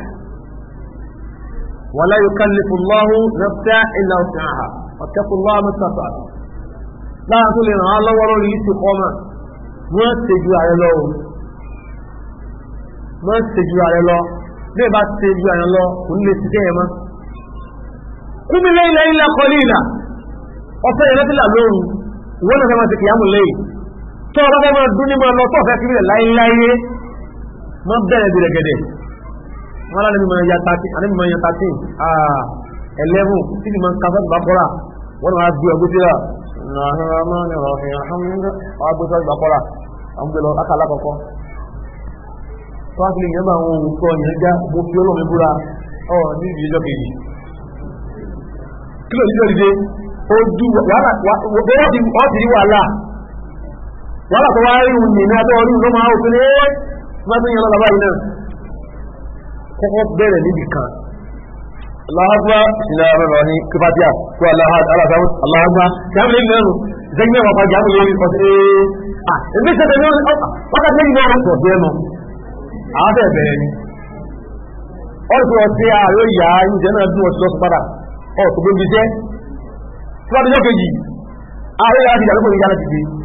wala yukallifu Allahu nafsan illa wus'aha wattaqullaha mastata'tum láàrín tó lè ràn án na lórí yìí ti kọ́ mà wọ́n ṣe ju ààrẹ lọ wọ́n ṣe ju ààrẹ lọ bí ẹ bá ṣe ju ààrẹ lọ kò ní lè tó ọ̀rọ̀ fẹ́ máa dún ní máa lọ tó ọ̀fẹ́ fi rẹ̀ láyéláyé wọ́n bẹ̀rẹ̀ bí rẹ̀gẹ̀dẹ̀ wọ́n lára níbi máa ya tàtí àníbi máa ya tàtí ẹlẹ́mù tí ti máa ń kásọ́ ìgbà kọ́ra wọ́n máa gbé ọgbó síra kí ló ní lórí dé ojú wàhálà wọ́n ti rí wàhálà wọ́n tó wá rí wù ní ní abẹ́ orí ló máa òfin ní mẹ́tún yẹn lọ́la báyìí náà kọ́kọ́ bẹ̀rẹ̀ níbi kan aláhágbá ìlà rọrọ ní kífàtíà tó aláhágbá jáàmù lè mẹ́rù zẹ́gbẹ́ wà pàjá mú lórí ọ̀sẹ̀ ẹ̀mí sẹ́tẹ̀ ní ọ̀pá méjì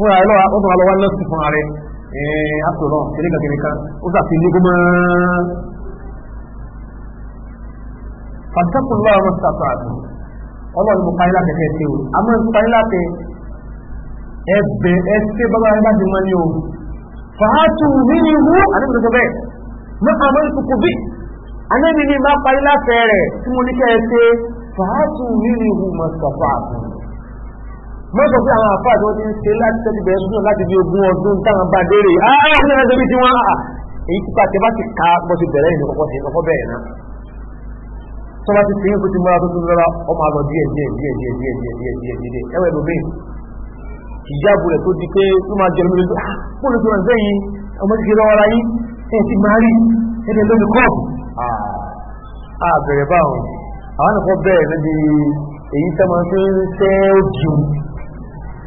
fúnra ẹ lọ́wọ́ ọdún alọ́wọ́ lẹ́sùn fún ààrẹ ẹ̀ẹ́ àtòrọ̀ kìrìkàkìrìkà ó sàfi ní gómọ́ fàtàkùnlọ́ ọmọ sàtọ̀ àtọ̀ ọlọ́run mo parí láti ẹ̀kẹ́ o a máa ń parí láti ẹbẹ̀ ẹsẹ̀ bàbá rẹ láti mọ́ ní o fàátù mí ni wú àdébìtò tó bẹ́ẹ̀ mọ́ àmọ́ ìkùkù bí anẹ́mi ni bá parí láti rẹ̀ tí mo ní kẹ́ ẹ ṣe fàátù mí ni wú mọ̀ sàtọ̀ àtọ̀ mọ́tò pé àwọn àfáà tí wọ́n ti ń ṣe láti tẹ́lẹ̀ bẹ̀rẹ̀ sùn láti bí ogún ọdún táwọn bá dérè ààrẹ ní ẹgbẹ́ bí tí wọ́n hà èyí tí pàtẹ́ bá ti ka bọ́ ti bẹ̀rẹ̀ ìlú kọ́kọ́ sí kọ́kọ́ bẹ̀rẹ̀ náà tó bá ti fi yín kó ti múra tó tún lọ́ra ọmọ àlọ́ díẹ̀ díẹ̀ díẹ̀ díẹ̀ díẹ̀ díẹ̀ díẹ̀ díẹ̀ díẹ̀ ẹwẹ́ ló bẹ́ẹ̀ ìjábù rẹ̀ tó di pé tó máa jẹ lómi lójú bóòlù tó rẹ̀ sẹ́yìn ọmọ ti fi lọ́wọ́ ara yín ẹ̀ ti máa rí ẹ̀dẹ̀ lórí kọ́ọ̀bù àbẹ̀rẹ̀ ah,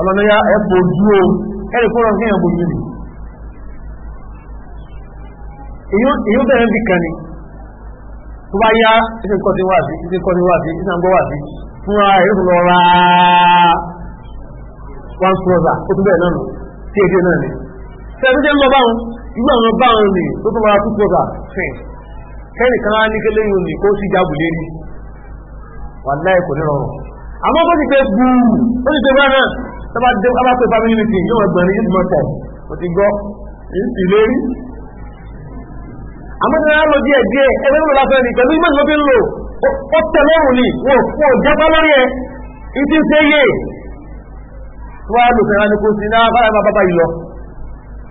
ọlọ́nàyà ẹ̀pọ̀ ojú o ẹ̀rẹ̀ kó rọrùn kíyàn bojú ni èyí ó bẹ̀rẹ̀ bí kan ni tó bá yá ẹsẹ̀ kọ́ ní wáàbí ẹsẹ̀ kọ́ ní wáàbí ẹsẹ̀ one brother ó tún bẹ̀rẹ̀ náà nù tí èdè náà ni sẹ́ni jẹ́ ń lọ báwọn irú àwọn ni tó tún máa two brother fẹ̀ kẹ́nì kan ni kó sì jábù lérí tọ́ba dé ọba pé family meeting yóò gbọ̀nrín yóò mọ̀ tẹ̀ mo ti gbọ́ ìlérí. àmọ́ tí wọ́n lọ díẹ̀ díẹ̀ ẹgbẹ́ mi lọ́la fẹ́ ni pẹ̀lú ìmọ̀ ìmọ̀ fi ń lò ó tẹ̀ lọ́rùn ni wọ́n fún ọ̀jẹ́ bá lórí ẹ̀ ìdí ṣe yé wọ́n á lò fẹ́ràn ní kò sí náà fara máa bábá yìí lọ.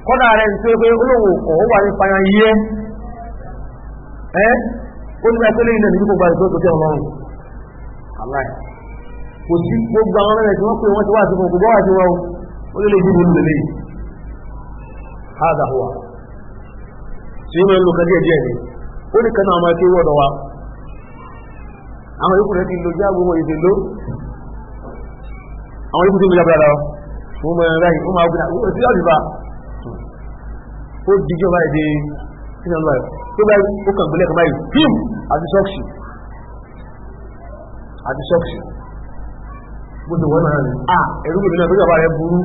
kọ́dà rẹ̀ ń pé pé olówó kọ̀ ó wà ní fara yẹ ẹ́ ó ní ẹgbẹ́ lẹ́yìn náà ní kíkó gba kò sí gbogbo àwọn mẹ́rin tí wọ́n pè wọ́n ti wá sí fún gbogbo wà sí wọn ó lè dìbò ní lè hádà wà tí ó mẹ́rin lókà díẹ̀ díẹ̀ ni ó ní kanáà máa ké wọ́dọ̀ wa àwọn yòókù rẹ̀ ti lo jáàbù wọn ìdè ló àwọn yòókù tí mo jábọ̀ dára ó mọ ẹ̀rọ yìí máa gbé ó sí ọ̀dìbà ó dijọba èdè sínú ọ̀nà tó bá ó kàn gbélé báyìí bó ti wọ́n náà rí à ẹ̀rú mi náà tó yàbá rẹ̀ burú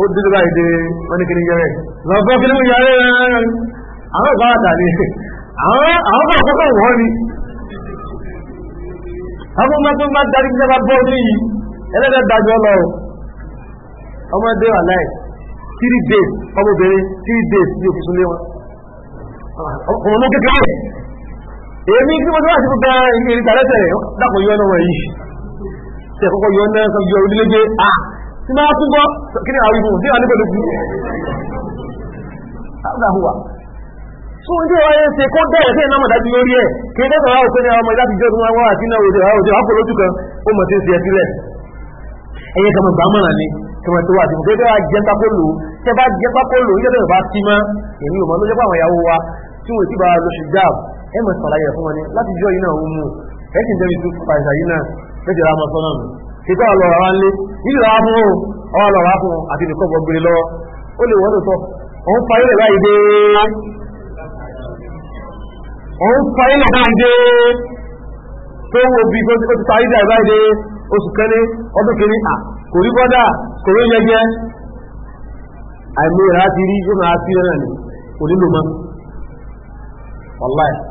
ó dídí báyìí dé wọ́n ní kí ní yẹrẹ lọ́gbọ́ kí ní mo yàrá rẹ̀ àwọn ìbá àtà ni àwọn bá kọ́kọ́ wọ́n ni àwọn ọmọ tó máa darí bí sábà bọ́ ní yìí ẹlẹ́dẹ̀ dájọ́ lọ ọmọdé wà láì three days ọmọbìnrin three days ní òfin súnlé wọn ọmọ kékeré èmi tí mo tó wà sí fún gan ìrìn tàlẹ́sẹ̀ rẹ̀ dákò yọ náà yìí tẹ kọ́kọ́ yọ náà sọ yọ orílẹ̀-èdè à tí máa tún bọ́ kí ni àwọn ìbùn tí wà ní pẹ̀lú kú àgbàhùwà tó ń dé wáyé ṣe kó dẹ̀ sí ẹ̀nà mọ̀dájú lórí ẹ̀ kí ní ẹ̀sọ̀ wáwọ̀ pé ní ọmọ ìdájú jọ́ tó wá àti náà òde òde ọkọ̀ lójú kan ó mọ̀ tí ń ṣe ẹ̀ sílẹ̀ ẹ̀yẹ kọmọ gbàmọ̀ràn ni kọmọ tó wà sí fún kéde wá jẹ́ pápólò tẹ́ bá jẹ́ pápólò yẹ́dẹ̀ bá sí mọ́ èmi ò mọ́ ló jẹ́ pàwọn ìyàwó wa tí wọ́n ti bá lọ ṣùgbọ́n ẹ mọ̀ sàlàyé fún wọn ni láti jọ iná òun mú ẹ sì ń tẹ́bi tún pa náà méjì ra mọ́ sọ́nà nù kíkọ́ ọ̀lọ́ wa ń lé fún òun ọwọ́ lọ fún òun àti nìkan bọ̀ gbére ó lè wọ́n tó òun parí rẹ̀ báyìí dé òun parí rẹ̀ báyìí dé tó wo bí ó ti parí rẹ̀ báyìí dé oṣù ọdún à kò rí bọ́dà kò rí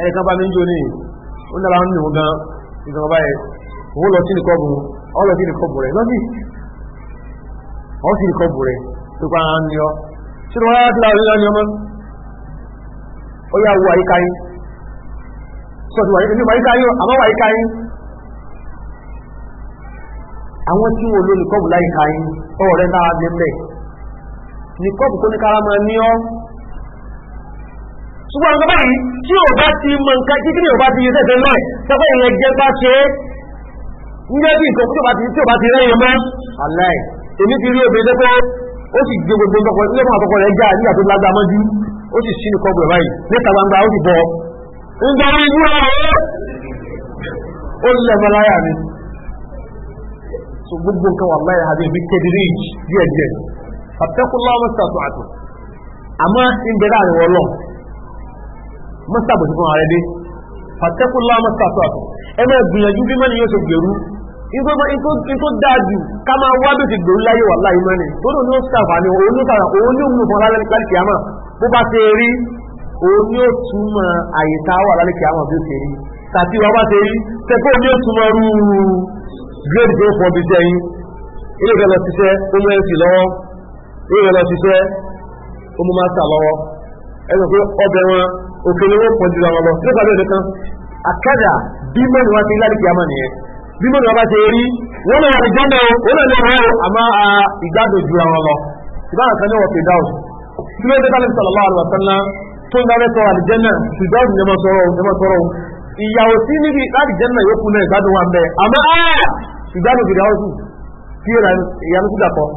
ẹnìkan bá mi ń jò ní ó ń nù gan òun lọ sí ìkọ́bù ọ sí ìkọ́bù rẹ̀ lọ́sí ọ sí ìkọ́bù rẹ̀ tó pa ara ní ọ ṣe tí láàrin ọmọ ó yà wọ àyíká yín sọ ti wà àyíká yín àmọ́ wà àyíká yín àwọn tí wọn lò ní kọ́bù láyìíká yín ọ̀rẹ́ náà mẹ́ ní kọ́bù tó ní ọ ṣùgbọ́n ọ̀gọ́ báyìí tí ò bá ti mọ̀ nǹkan tí kí ni ò bá ti yẹ sẹ́sẹ̀ náà sọ́kọ́ ìyẹn jẹ́ bá ṣe é nígbẹ́ bí nǹkan tí ò bá ti tí ò bá ti rẹ́yìn mọ́ aláì èmi ti rí obìnrin pé ó sì gbé gbogbo ọkọ̀ ilé fún àkọ́kọ́ rẹ̀ já nígbà tó lágbá mọ́jú ó sì sínú kọ́gbọ̀ báyìí níta gbangba ó sì bọ̀ ǹjẹ́ wọn àmọ́ ìbẹ̀rẹ̀ àríwọ̀ ọlọ́run mọ́sàbòsí fún ààrẹ dé fàtẹ́kùnlá mọ́sàtọ́tọ̀ ẹ máa gbìyànjú bí mọ́ni yóò ṣe gbèrú ikó dáadù ká máa wá bí ti gbèrú láyé wà láyé mọ́ni tó lò ní ó sàfà ní òun ní sàrà òun ní òun fún lálẹ́ kí a máa bó bá ṣe rí òun ní ó túmọ̀ àyè tá a wà lálẹ́ kí a máa bí ó ṣe rí tàbí wà bá ṣe rí tẹ́kọ́ ní ó túmọ̀ rú grade tó fọ́ bí sẹ́yìn ilé ìfẹ́ lọ ṣiṣẹ́ ọmọ ẹ̀sìn lọ́wọ́ ilé ìfẹ́ lọ ṣiṣẹ́ ọmọ máa sà lọ́wọ́ ẹ òkè ni wọ́n pọ̀jù àwọn ọmọ tó sàbẹ̀ nìkan àkádà bí mẹ́rin wá sí láti kí a máa nìyẹn bí mẹ́rin wá ṣe rí wọ́n náà wọ́n jẹ́ náà wọ́n náà lè rọ́ àmọ́ ìgbádùn ju àwọn lọ ìbára kan ní wọ́n fi dáhùn kí ló dé bá lẹ́sọ̀ lọ́wọ́ àwọn ọ̀sánná tó ń dáre sọ àlìjẹ́nà ṣùgbọ́n ní ọmọ sọ̀rọ̀ ìyàwó sí níbi àlìjẹ́nà yókù náà ìgbádùn wa bẹ́ẹ̀ àmọ́ ìgbádùn ìgbádùn ìyànúkúdà kọ́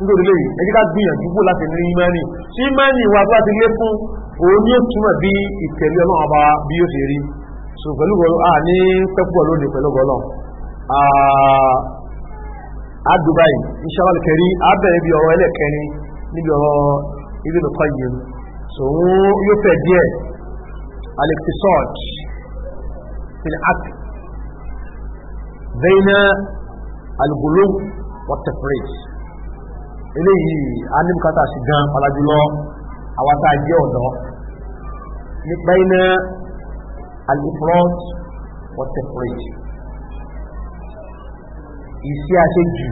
nítorí lè ẹjẹ́ ká gbìyànjú bó láti ní ìmánì tí ìmánì wa tó láti lé fún òun ní òtúmọ̀ bí ìtẹ̀lé ọlọ́run ọba bí ó ṣe rí so pẹ̀lú gbọ́dọ̀ a ní pẹ́pọ̀ lónìí pẹ̀lú gbọ́dọ̀ a dubai inshallah kẹrí a bẹ̀rẹ̀ bí ọ̀rọ̀ ẹlẹ́kẹrin níbi ọ̀rọ̀ ibi nìkan yìí so òun yóò fẹ́ díẹ̀ alexisord filat bẹ́ẹ̀ náà alugolo waterfree eléyìí anibukata sí gan palajulọ àwọn tá a jẹ ọ̀dọ́ nípa iná alifrọt wọtẹfrẹt ìṣe àṣejù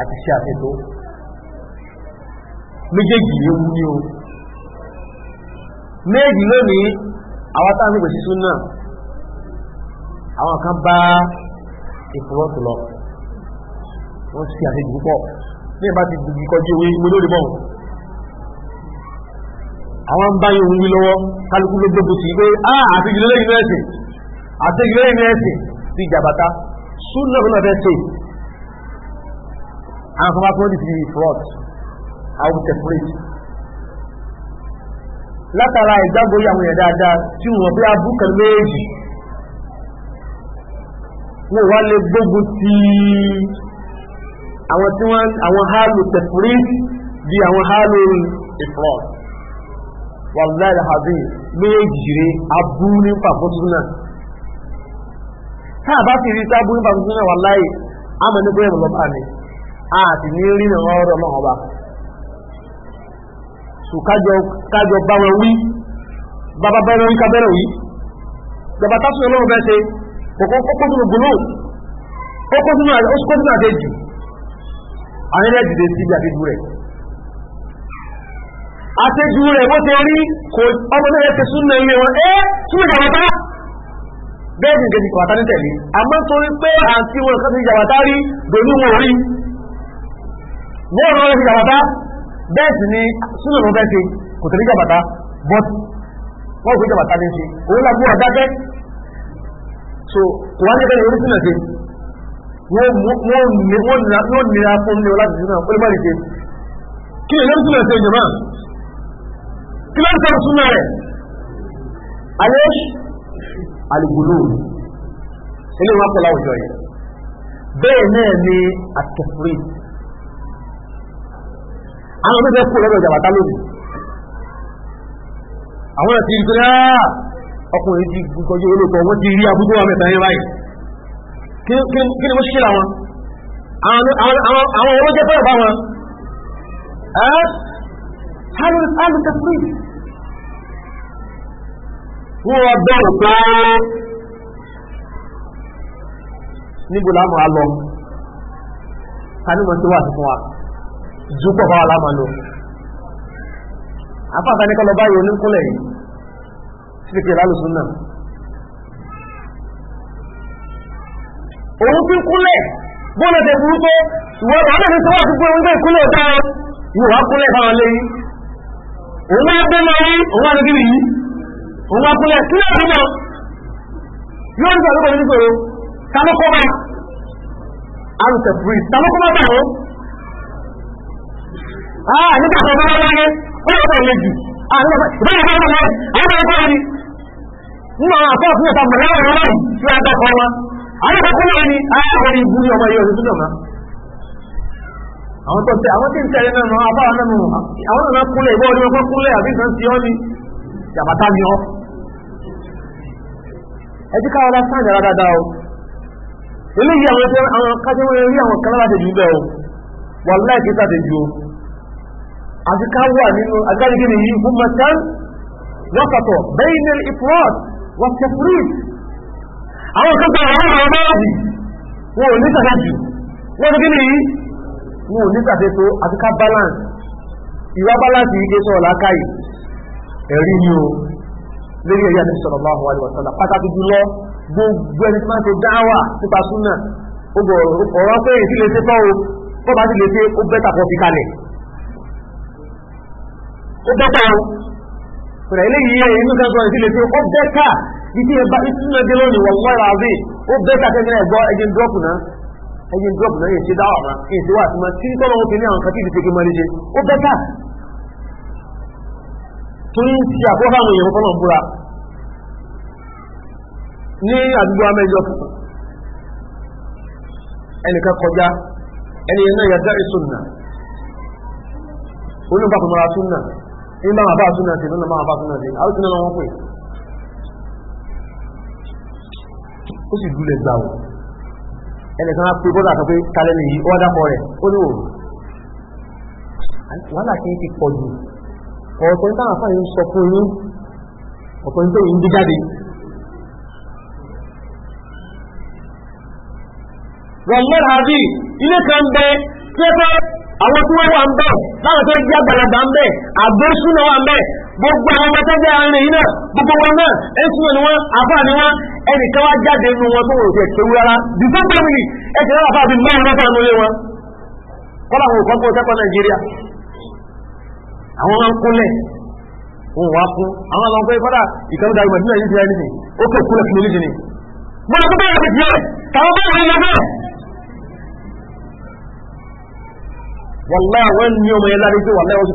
àti ṣe àfẹtọ méjèèjì ewu ni o méjì lónìí àwọn tá a ń àwọn kan bá ìfúrọ́tù lọ wọ́n sí àṣejù púpọ̀ ní ìbá ti gbùgbì kọjú owó ìwé lórí bọ́ọ̀ àwọn ń bá yóò wí lọ́wọ́ kálukú ló gbogbo sí pé àti ìlú lẹ́yìn ẹ̀sìn àti ìlú lẹ́yìn ẹ̀sìn ti jàbàtà súnà lọ́nà fẹ́ ṣe àwọn kan bá tó ní ti fraud àwọn tẹ̀fúrẹ́tì látara ìgbàgbọ́ yàwọn èèyàn dáadáa tí wọ́n bí abúkẹ̀ méjì wọ́n wá lè gbógun ti àwọn tí wọ́n àwọn hálù tẹ̀fúrí bí àwọn hálù ìfrọ̀d wàlúwà ìlàhàbí méjìrè abú ní pàfọ́túnà tá a bá ti rí sábú ní pàfọ́túnà wà láì àmọ́ ní bóyá lọ́pàá ni a ti ní rí nà ọ̀rọ̀ ọlọ́run ọba so kájọ bá wọn wí bàbá bá wọn wí kábẹ́rẹ̀ yìí bàbá tásùn ọlọ́run bẹ́ẹ̀ ṣe kòkó kókó tó gbòòrò àrẹ́lẹ́dìde sí àdéjú rẹ̀ àtẹ́jú rẹ̀ bó ti rí kò ọmọ náà ti súnà ilé wọn ẹ́ tún ìjàwátá bẹ́ẹ̀ni ìgbẹ̀dì kọ̀wátá ní tẹ̀lé àmọ́ torí pé àti wọn kan ti ìjàwátá rí pẹ̀lú wọn rí wọ́n rán lọ́wọ́ ìjàwátá bẹ́ẹ̀ sì ni súnà ló bẹ́ẹ̀ ṣe kò tẹ̀lé ìjàwátá but wọ́n kò ìjàwátá ní ṣe òun làgbó ọ̀dákẹ́ so kò wá ní ẹgbẹ́ orí súnà ṣe wọ́n nira fún ní ọlájú náà pẹ́lú bá dìde kí lè lórí túnmọ̀ ẹ̀sẹ̀ ìjọba kí lórí sọ súnmọ̀ rẹ̀ ayé alìgbòlò ilé wọn pẹ̀lú àwùjọ yìí bẹ́ẹ̀ náà ni àtẹ̀fúrí àwọn ọmọdé kú lọ́dọ̀ ìjàbàtà lónìí àwọn ẹ̀sìn ìgbéra ọkùnrin ti gbọ́jọ́ olóko wọ́n ti rí abúgbó wa mẹ́ta yẹn báyìí kí ni mo ṣíra wọn àwọn olóòjẹ́ fẹ́rẹ̀ bá wọn ẹ́ hálù tẹ́sí wọ́n wọ́n bẹ̀rù pé níbo láàmù alọ kanímọ̀ tí wà fún wa jù pọ̀ bá wà láàmù alọ afáàkà ní kọlọ báyìí oníkúnlẹ̀ yìí sí kìí lálùsùn náà òun ti kúnlẹ̀ bóòlù ṣe burú nwoke ìwọ bàbá wà fún pé òun ìkúnlẹ̀ ọ̀tá yóò kúnlẹ̀ fáwọn lẹ́yìn òun wá gbé máa rí òun wá lókè yìí kúnlẹ̀ sílẹ̀ òun náà yóò ń alákọ̀ọ́kọ́ náà ni àwọn ìbú ní ọmọ yóò túnjọ máa àwọn tó tẹ àwọn tí ń tẹ̀lé náà máa báwọn náà mọ̀ àwọn náà kúnlẹ̀ ìwọ́ orí ọkọ̀ kúnlẹ̀ àbí ìsàn tí ó ní jàbátá ni ọ́ ẹjí káwọn bá sáà yàrá dáadáa o eléyìí àwọn tó àwọn kájẹ́wọ́ rí àwọn kan láti jù bẹ́ẹ̀ o wà láì kí ju o àti ká wà nínú agbárígé nìyí fún mẹ́tán wọ́pàtọ̀ bẹ́ẹ̀ ní ìfúrọ́t wọ́pàtọ̀ àwọn tó gbà wọ́n àwọn mẹ́rìnjì wọn ò ní tàbí jù wọ́n ní kíni yìí wọn ò ní tàbí tó àti ká balance ìwà balance yìí kéṣọ́ ọ̀la káyì ẹ̀rí ni o lórí ẹ̀rí àti sọ̀rọ̀ bá wà lọ́wọ́ sọ́la pàtàkì jùlọ gbogbo ẹni tí máa ń ṣe dáwà nípa súnà ọ̀rọ̀ pé èsì lè ṣe tọ́ o tó bá sì lè ṣe ó bẹ́tà kọ́ fi kalẹ̀ ó bẹ́tà o pẹ̀lú eléyìí ẹ̀yìn inú kan sọ èsì lè ṣe ó bẹ́tà títí ẹ bá ìsúná dé lónìí wọ́n wọ́n ra bí ó bẹ́ẹ̀ ká tẹ́lẹ̀ gbọ́ ẹ̀jẹ̀ dúrọ́pù náà ẹ̀jẹ̀ dúrọ́pù náà yẹn ṣe dáwà máa kí n ṣe wà sí máa tí tọ́lọ́ wọn fi ní àwọn kan tí ìdí ṣe máa ṣe ó bẹ́ẹ̀ ká torí ń ṣe àkókò àwọn èèyàn fọ́nà búra ní àdúgbò amẹ́jọ ẹnìkan kọjá ẹni yẹn náà yàtọ̀ ìsúná olùbàkùnmọ́ra súnà súnà sí lọ́nà súnà sí sì lulẹ̀ gbà wò ẹnìkan á pé bọ́dà kan pé kálẹ̀ nìyí ó wá dápọ̀ rẹ̀ ó ní òòrùn wàhálà kí n ti pọ̀ jù ọ̀pọ̀ nípa àfáà yìí ń sọ fún yín ọ̀pọ̀ nípa yìí ń gbé jáde wọ̀nyẹ́ àbí ilé kan bẹ tí ó fẹ́ àwọn tí wọ́n wà ń bẹ̀ láwọn tó jẹ́ àgbàlagbà ń bẹ̀ àgbésùnà wà ń bẹ̀ gbogbo àwọn ọmọ tẹ́jẹ́ àárín yìí náà gbogbo wọn náà ẹ̀sùn ni wọ́n àfáà ni wọ́n ẹnìkan wá jáde nínú wọn tó wọ́n ti ẹ̀kẹ́ wúrárá the same family ẹ̀kẹ́ náà àfáà bíi mẹ́rin mẹ́fà nílé wọn kọ́lá àwọn òkọ́kọ́ tẹ́kọ̀ọ́ Nàìjíríà àwọn máa ń kúnlẹ̀ wọn wá kún àwọn àwọn ọmọ ìfọ́dà ìkànnì dàrú mẹ́tí náà yìí ti ẹni ó kẹ́ mo lọ bẹ́ẹ̀ bẹ̀rẹ̀ bẹ̀rẹ̀ tàwọn bẹ́ẹ̀ wọ́n lọ wọ́n ní ọmọ yẹn lárí pé wà láwọn sì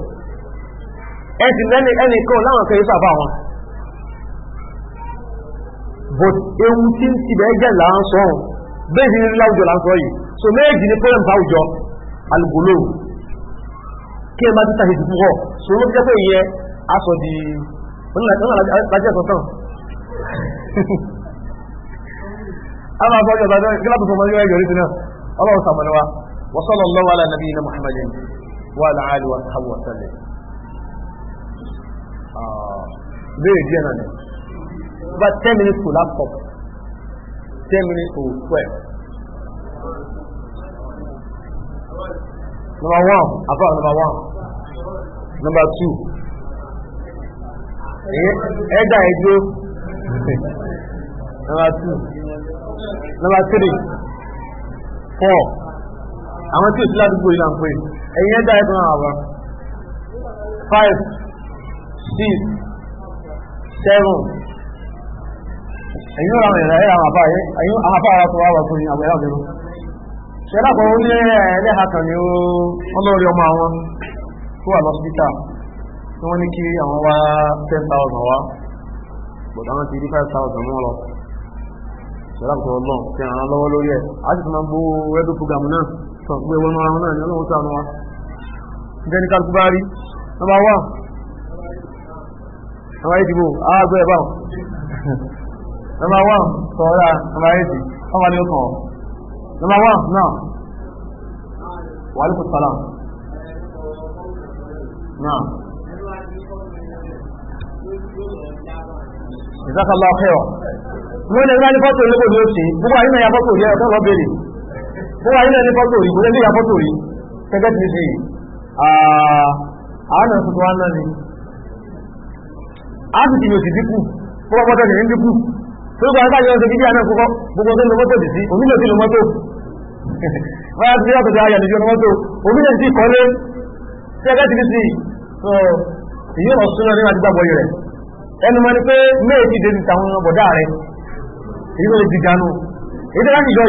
ẹ̀sìn lẹ́nì ẹnìkan láwọn kan ìfàfà wọn but ewu tí ń ti bẹ́ẹ̀ jẹ́ láńsọ́ bẹ́ẹ̀ ní láwùjọ láńsọ́ yìí so méjì ní pẹ́lẹ̀ báwùjọ alùgbòlò kí ẹ bá títà sí púpọ̀ so ló jẹ́ pé ìyẹ aṣọ di a máa bọ́jọ́ bá dán gíláàbù fọmọ yóò ẹjọ́ náà ọlọ́run wa wa sallallahu ala muhammadin wa ala wa wa Very ah, díẹ̀ náà ni bá ten minutes to laptop ten minutes to twelve. number one afa number one number two ẹ̀dá ẹ̀dó number two number three four àwọn tí o ti ládùúgbò yìí là ń pè ẹ̀yìn ẹ̀dá ẹ̀dó náà wà five. six seven ẹ̀yìn ọ̀rọ̀ àwọn ìrẹ̀ àwọn àbáyé ẹ̀yìn àwọn àbáyé tó wà wà fún ìyàwó ẹ̀yà mẹ́rún ní ẹ̀ẹ́lẹ́ha kan ni ó ọmọ àwọn tó wà lọ́sípítà tí wọ́n ní kí àwọn wá 10,000 wá bọ̀dá wọn ti rí 5,000 mọ́ lọ náà àwọn ìdìbò àwàgbé ẹ̀bá ọ̀ nọmba one sọ̀rọ̀ nọmba eight ọmọ ní ọkọ̀ nọmba one náà wàlúkù sàlám náà ìsákàlá ọ̀fẹ́ ọ̀ wọ́n lè rí fọ́tò orí kò ní ó ṣe gbogbo àyínà ya fọ́tò orí ẹ̀kọ́ lọ́bẹ̀rẹ̀ gbogbo àyínà ní fọ́tò orí kò lè rí ya fọ́tò orí gẹ́gẹ́ ti di àánà tuntun wá náà ni áàtìtì ni ò sì ni ń dínkù tó gba ẹgbẹ́ yọ ṣe gidi àná kọ́kọ́ gbogbo tó ń dì sí omi lè ti lo mọ́tò báyà ti yàtọ̀ dáa yàtọ̀ lo mọ́tò kọ́lé tí ẹgbẹ́ ti fi sí sọ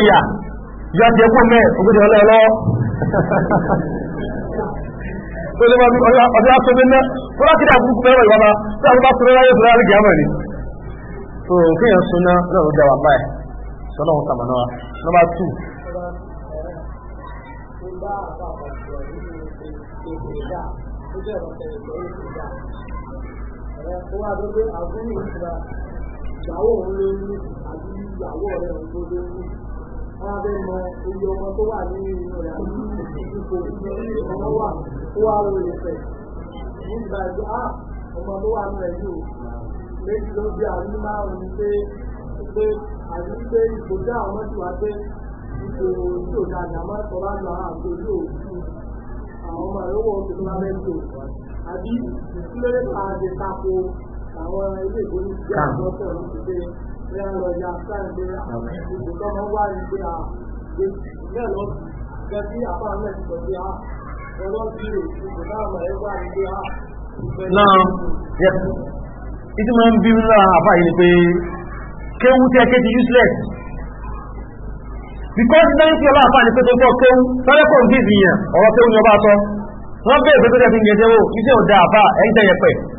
ìyẹn tó lé wọn ọjọ́ asọ́bí ná kó láti dá burúkú mẹ́wàá ìwọ́n bá tí àwọn bá sọ lọ́wọ́ yóò fẹ́rẹ́ gíga mọ̀ ni. tó kéèyàn súná náà ló dá báyìí sọlá wọn kàmá náà nọ́mbà tù. ìyàwó rẹ̀ ló wọ́n abẹ́ mọ iye ọmọ tó wà ní inú rẹ̀ àti ipò tí ọmọ wà tó wà lórí ìfẹ́ nígbà tó á ah, ọmọ tó wà nù rẹ̀ yìí o méjì ló bí àrùn márùn ní pé pé àti pé ipò tí àwọn ọmọ ti wá pé ipò tí ò dáadáa máa sọ láti àwọn àgbò yóò ju àwọn ọmọ rẹ̀ wọ̀ tó máa bẹ́ẹ̀ tó àbí ìdílé àdètàkò àwọn ilé ìgbóni jẹ́ ti dé bóyá ń rọjà sáyẹ̀dé ń bí ńlá àbá ni pé kéwú tí ẹkẹ́ ti useless because bẹ́ẹ̀ tí ọlá àbá ni pé tó tọ́ kéwú tọ́lẹ́kọ̀ ń bí ìyàn ọ̀rọ̀ kéwú ni ọba sọ wọ́n bẹ́ẹ̀ pé tó tẹ́ fi ń yẹ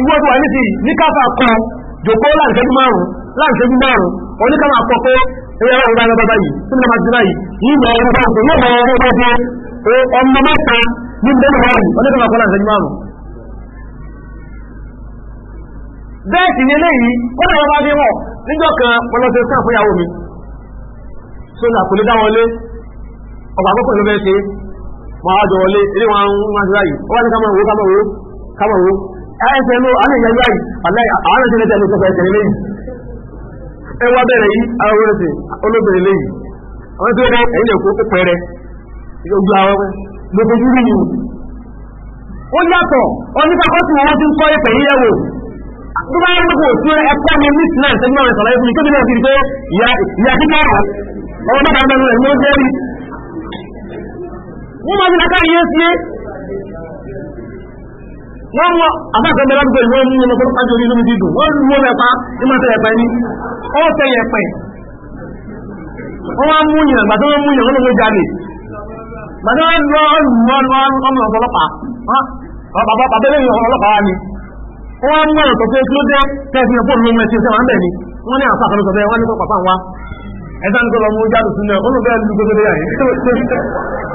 ìwọ́n tó wà ní sí ní káfà kan jòkó láǹkẹ́jú márùn láǹkẹ́jú márùn oníkàmà kọ pé ẹ̀yà ọ̀rọ̀ ọ̀rọ̀ bàbá yìí tí mo máa ti báyìí yìí lọ ọ̀rọ̀ bàbá yìí lọ ọ̀rọ̀ bàbá yìí ọmọ mẹ́ta ní bẹ́ẹ̀ márùn oníkàmà kọ láǹkẹ́jú márùn. bẹ́ẹ̀ sì ni eléyìí wọ́n náà bá dé wọ̀ níjọ́ kan pọlọ́sẹ̀ sáà fún ìyàwó mi tó nà kò lè dá wọlé ọ̀pọ̀ àkókò ló fẹ́ ṣe máa jọ wọlé ilé wọn ń wá sí báyìí ó ẹ̀ tẹ̀lú aláìyáyá yìí aláàrẹ̀ tẹ̀lé tẹ̀lé tẹ̀lé tẹ̀lé lẹ́yìn ẹ wá bẹ̀rẹ̀ yìí arọ́rẹ́sẹ̀ olóbìnrin lẹ́yìn àwọn tó rẹ̀ ẹ̀yìn ẹ̀kọ́ ó pẹ̀rẹ̀ ojú àwọn lókojú rí yìí ó yàtọ̀ oníkàkọ́sì wọn ti ń yìí tó bá tún mi sọ̀rọ̀ ẹ̀fún ọmọ bàbá ló ń wọ́n wọ́n àbájọ́mọ́ lágbẹ̀ wọ́n mú ọmọ fún pàjọ orí lómi dídùn wọ́n mú ọmọ ẹ̀pá ìmọ̀tẹ̀ ẹ̀pẹ̀ ní ọ̀tẹ̀ ẹ̀pẹ̀ wọ́n wá mú yàn gbàtọ́ wọ́n mú yàn wọ́n lọ́wọ́ jáde gbàtọ́ wọ́n lọ ọmọ ọ̀pọ̀lọpàá bàbẹ́lẹ̀ ọ̀pọ̀lọpàá ni wọ́n wá mú ẹ̀tọ́ pé kí ló dé tẹ́ẹ̀fì ọ̀pọ̀ lọ́wọ́ ẹ̀sìn ọ̀sẹ̀ wà ń bẹ̀ ni wọ́n ní àfà kan sọ bẹ́ẹ̀ wọ́n ní kọ́ pàpà wa ẹ̀dá ń tọ́lọ mú jáde sínú ẹ̀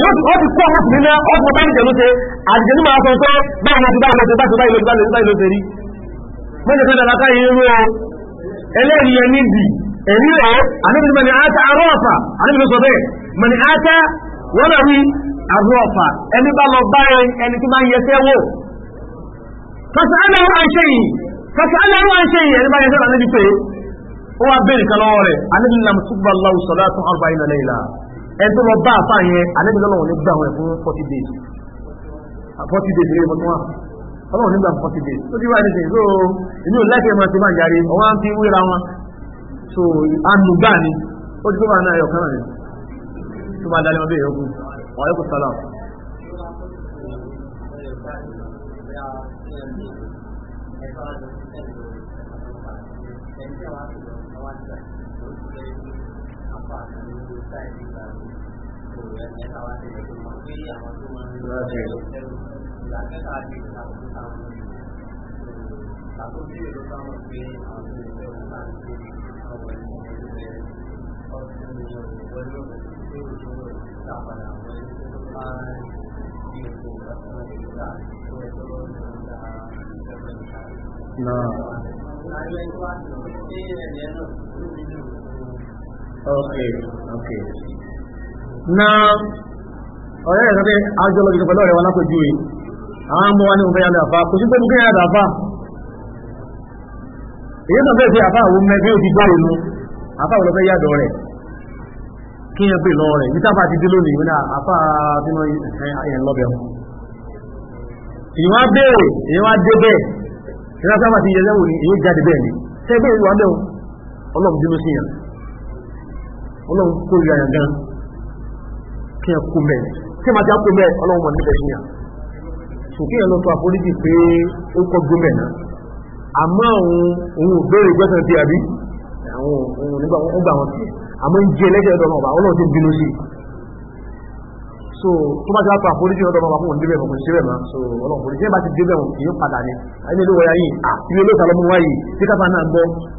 yóò ti kó àwọn ọkùnrin náà ọkùnrin bá ń jẹ̀lú ṣe àdìjẹ̀lú máa sọ pé báyìí láti báyìí láti báyìí báyìí lóṣù báyìí lóṣù rí mọ́jẹ̀ kan dára káyé rú ọ ẹlẹ́rìí ẹni ata arọ́ọ̀fà àníbìnrin sọ bẹ́ẹ̀ mani ata wọ́n rà rí arọ́ọ̀fà ẹni tó lọ bá àfà yẹn àlẹ́bí lọ́lọ́wọ́ ní gbà wọn fún forty days forty days lè mọ́tún wà ọlọ́run nígbà forty days ó ti wá ẹnìsìn so èmi ò láìpẹ́ máa ti máa yàrí ọwọ́ á fi wéra wọn so ànùgbà ni ó ti tó bá náà ẹ̀yọ̀kan náà tó máa dalẹ́ ọdún ìyókù ọ̀rẹ́kù sọ́lá Thank you. No. Okay, okay. Now, ọ̀rẹ́ ẹ̀sán pé ajọ́ lọ́jọ́ wọn lápẹjú rẹ̀, àwọn ọmọ wa ní yàrá kò sí pé yàrá Èyí fẹ́ àwọn ọmọ ẹgbẹ́ òbí ìlú, yàdọ̀ rẹ̀. Kí pè rẹ̀, táfà ti dé lónìí, wọn àfá lọ́bẹ̀ wọn. Ìwọ́n á béèrè, ìwọ́n á bẹ́ẹ̀, ìwọ́n á ti yẹ lẹ́wọ̀n èyí jáde bẹ́ẹ̀ ni. Ṣé bẹ́ẹ̀ ọlọ́run kó ìrìn àyàn gan kí ẹ kú mẹ́ kí ẹ máa já kú mẹ́ ọlọ́run mọ̀ níbẹ̀ sí yàn so kí ẹ lọ sọ àforíjì pé ó kọ́ gómẹ̀ náà àmọ́ òun òun òbéèrè gbẹ́sàn ti àbí àwọn òun nígbà wọn gbà wọn tiẹ̀ àmọ́ ń jẹ ẹlẹ́jẹ̀ ọ̀dọ̀ ọba ọlọ́run ti bínú sí so tó bá ti wá pa àforíjì ọ̀dọ̀ ọba fún òun débẹ̀ fún síbẹ̀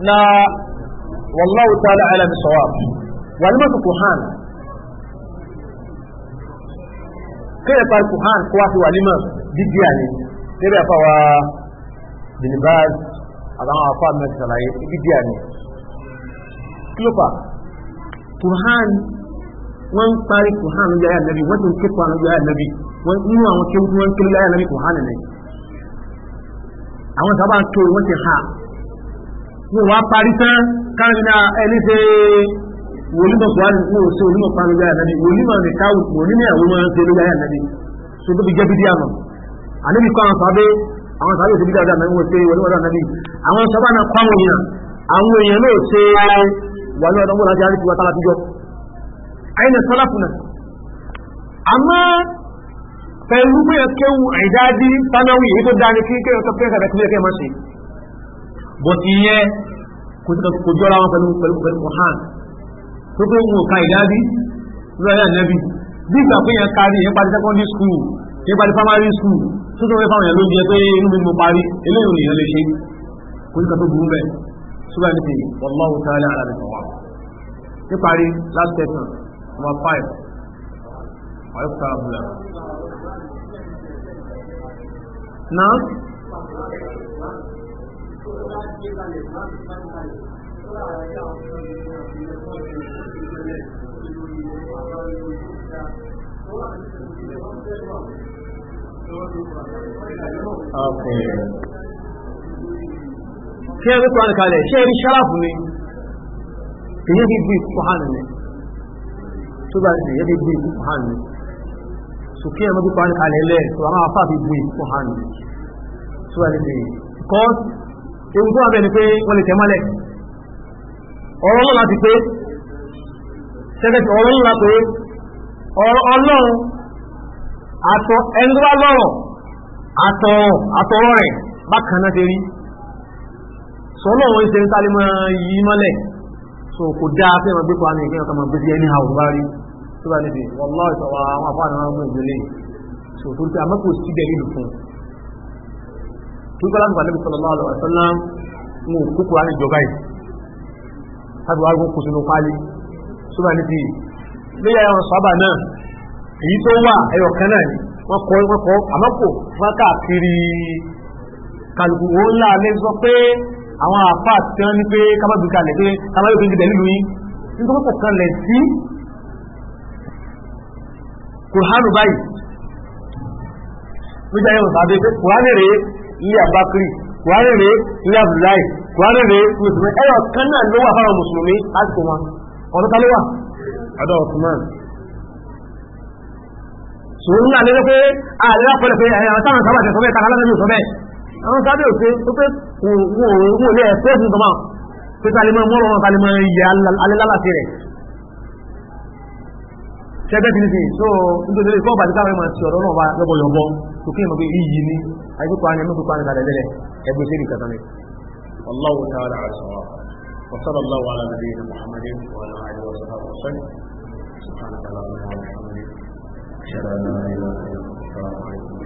na wallahu ta'ala ala bi sawab walimatu kuhan kéèyàn pa kuhan kó wá sí walima dídí àní níbi àfa wa binibaz àtàwọn afa mẹ́ta sàlàyé dídí àní kí ló fà kuhan wọ́n ń parí kuhan lójú ayé ànábi wọ́n ti ń ké kuhan lójú ayé ànábi wọ́n nínú àwọn kéwù tí wọ́n ń ké kuhan nìyẹn àwọn sábà ń ké wọ́n ti ha wọn wá parí tán káàmìnà ẹni ṣe wòlímọ̀ kùwárì wọn ò ṣe wòlímọ̀ pàánù gbáyà nàbí wòlímọ̀ nìka wòlímọ̀ àwọn ọmọ ṣe ló gbáyà nàbí so tó fi jẹ́ bídí àmọ́ àníbi kọ́ àwọn sàbẹ́ àwọn sàbẹ́ òṣèlú dáadáa nàbí wọn ṣe wòlímọ̀ dáadáa nàbí àwọn sàbà náà kọ́ àwọn èèyàn àwọn èèyàn náà ṣe wà ní ọdún wọn àti àríkì wa tálà fíjọ àyìn ẹ̀ sọ́lá àìdáàdí tánáwì èyí tó dáa ní kí kéèyàn tó pẹ́ bọ̀tí yẹn kò jọra wọn pẹ̀lú pẹ̀lú pẹ̀lú kọ̀hán tó tó ń ka ìdádi lọ́wọ́ yà nẹ́bí bí ìgbà pé yẹn kárí yẹn parí secondary school yẹn parí primary school tó tó fẹ́ fáwọn yẹn ló jẹ pé inú mi mo parí eléyìí nìyẹn lè ṣe kò nígbà tó burú bẹ́ẹ̀ ṣùgbọ́n ní ti wallahu ta'ala ala rẹ̀ sọ̀wọ́ níparí last section number five wàlúù sáà bùlà náà ṣe rí kwan kalẹ̀ ṣe rí ṣarafu ne ṣe rí bí kwan ne tó bá ṣe rí bí kwan ne so kí ẹ mọ́ bí kwan kalẹ̀ lẹ́ so àwọn afá bí bí kwan ne tó bá ṣe ewu tó wà bẹ́ẹ̀ ni pé wọ́n lè tẹ̀mọ́lẹ̀ ọ̀rọ̀ ọlọ́run láti pé ṣẹ́gẹ́sì ọ̀rọ̀ ọlọ́run láti pé ọ̀rọ̀ ọlọ́run àtọ̀ ẹnudọ́lá lọ́rọ̀ àtọ̀ àtọ̀rọ̀ rẹ̀ bákan náà ti rí sọ́lọ́ wọn ṣe ń tálé mọ́ yí mọ́lẹ̀ so kò dáa fẹ́ máa gbé pa ní ìpínlẹ̀ ọmọ gbèsè ẹni àwọn bá rí tó bá níbi wọ́n lọ́ ìtọ́wà àwọn àfáàní wọn mú ìgbélé so torí pé àmọ́ kò sí kíkọ́ láti wà níbi sallallahu alaihi wasallam mú kúkú á ní ìjọba yìí láti wá gún kù sínú pálí súnmọ́ ní ti léyà ẹran sábà náà èyí tó wà ẹyọ kan náà ni wọ́n kọ́ wọ́n kọ́ àmọ́kò wọ́n káàkiri kálukú ó ńlá alẹ́ sọ pé àwọn àfà tí wọ́n ní pé kábàbí kalẹ̀ pé kábàbí tó ń jìbẹ̀ nílùú yín nítorí kò kan lẹ̀ sí kùránù báyìí lójú ayé wọn sábẹ́ pé kùránù rèé ilé àbákírì buhari rèé ilé abdullahi buhari rèé mùsùlùmí ẹyọ kan náà ló wà fáwọn mùsùlùmí àti wọn ọdún kan ló wà ọdọ Osman sòwò ní àlejò pé àlejò àpẹẹrẹ pé ẹyà táwọn sábà tẹsọ bẹ́ẹ̀ tàkàlà tẹsọ bẹ́ẹ̀ àwọn sábà òkè ó pé wọn ò lè ẹsẹ ìsìn tọmọ pé kálí mọ mọrọ wọn kálí mọ bàtí káwọn ẹ̀ máa ti náà wá lọ́bọ̀yọ̀bọ̀ sókè mọ̀ pé iyì ni àìsíkọ́ ni ẹ̀mọ́sọ́kọ́ ni lálẹ́lẹ́lẹ́ ẹgbẹ́ sí ìkàtà ni Allahu ta'ala àṣọwà وصلى الله على نبينا محمد وعلى اله وصحبه وسلم سبحانك اللهم وبحمدك اشهد ان لا اله الا انت السلام عليكم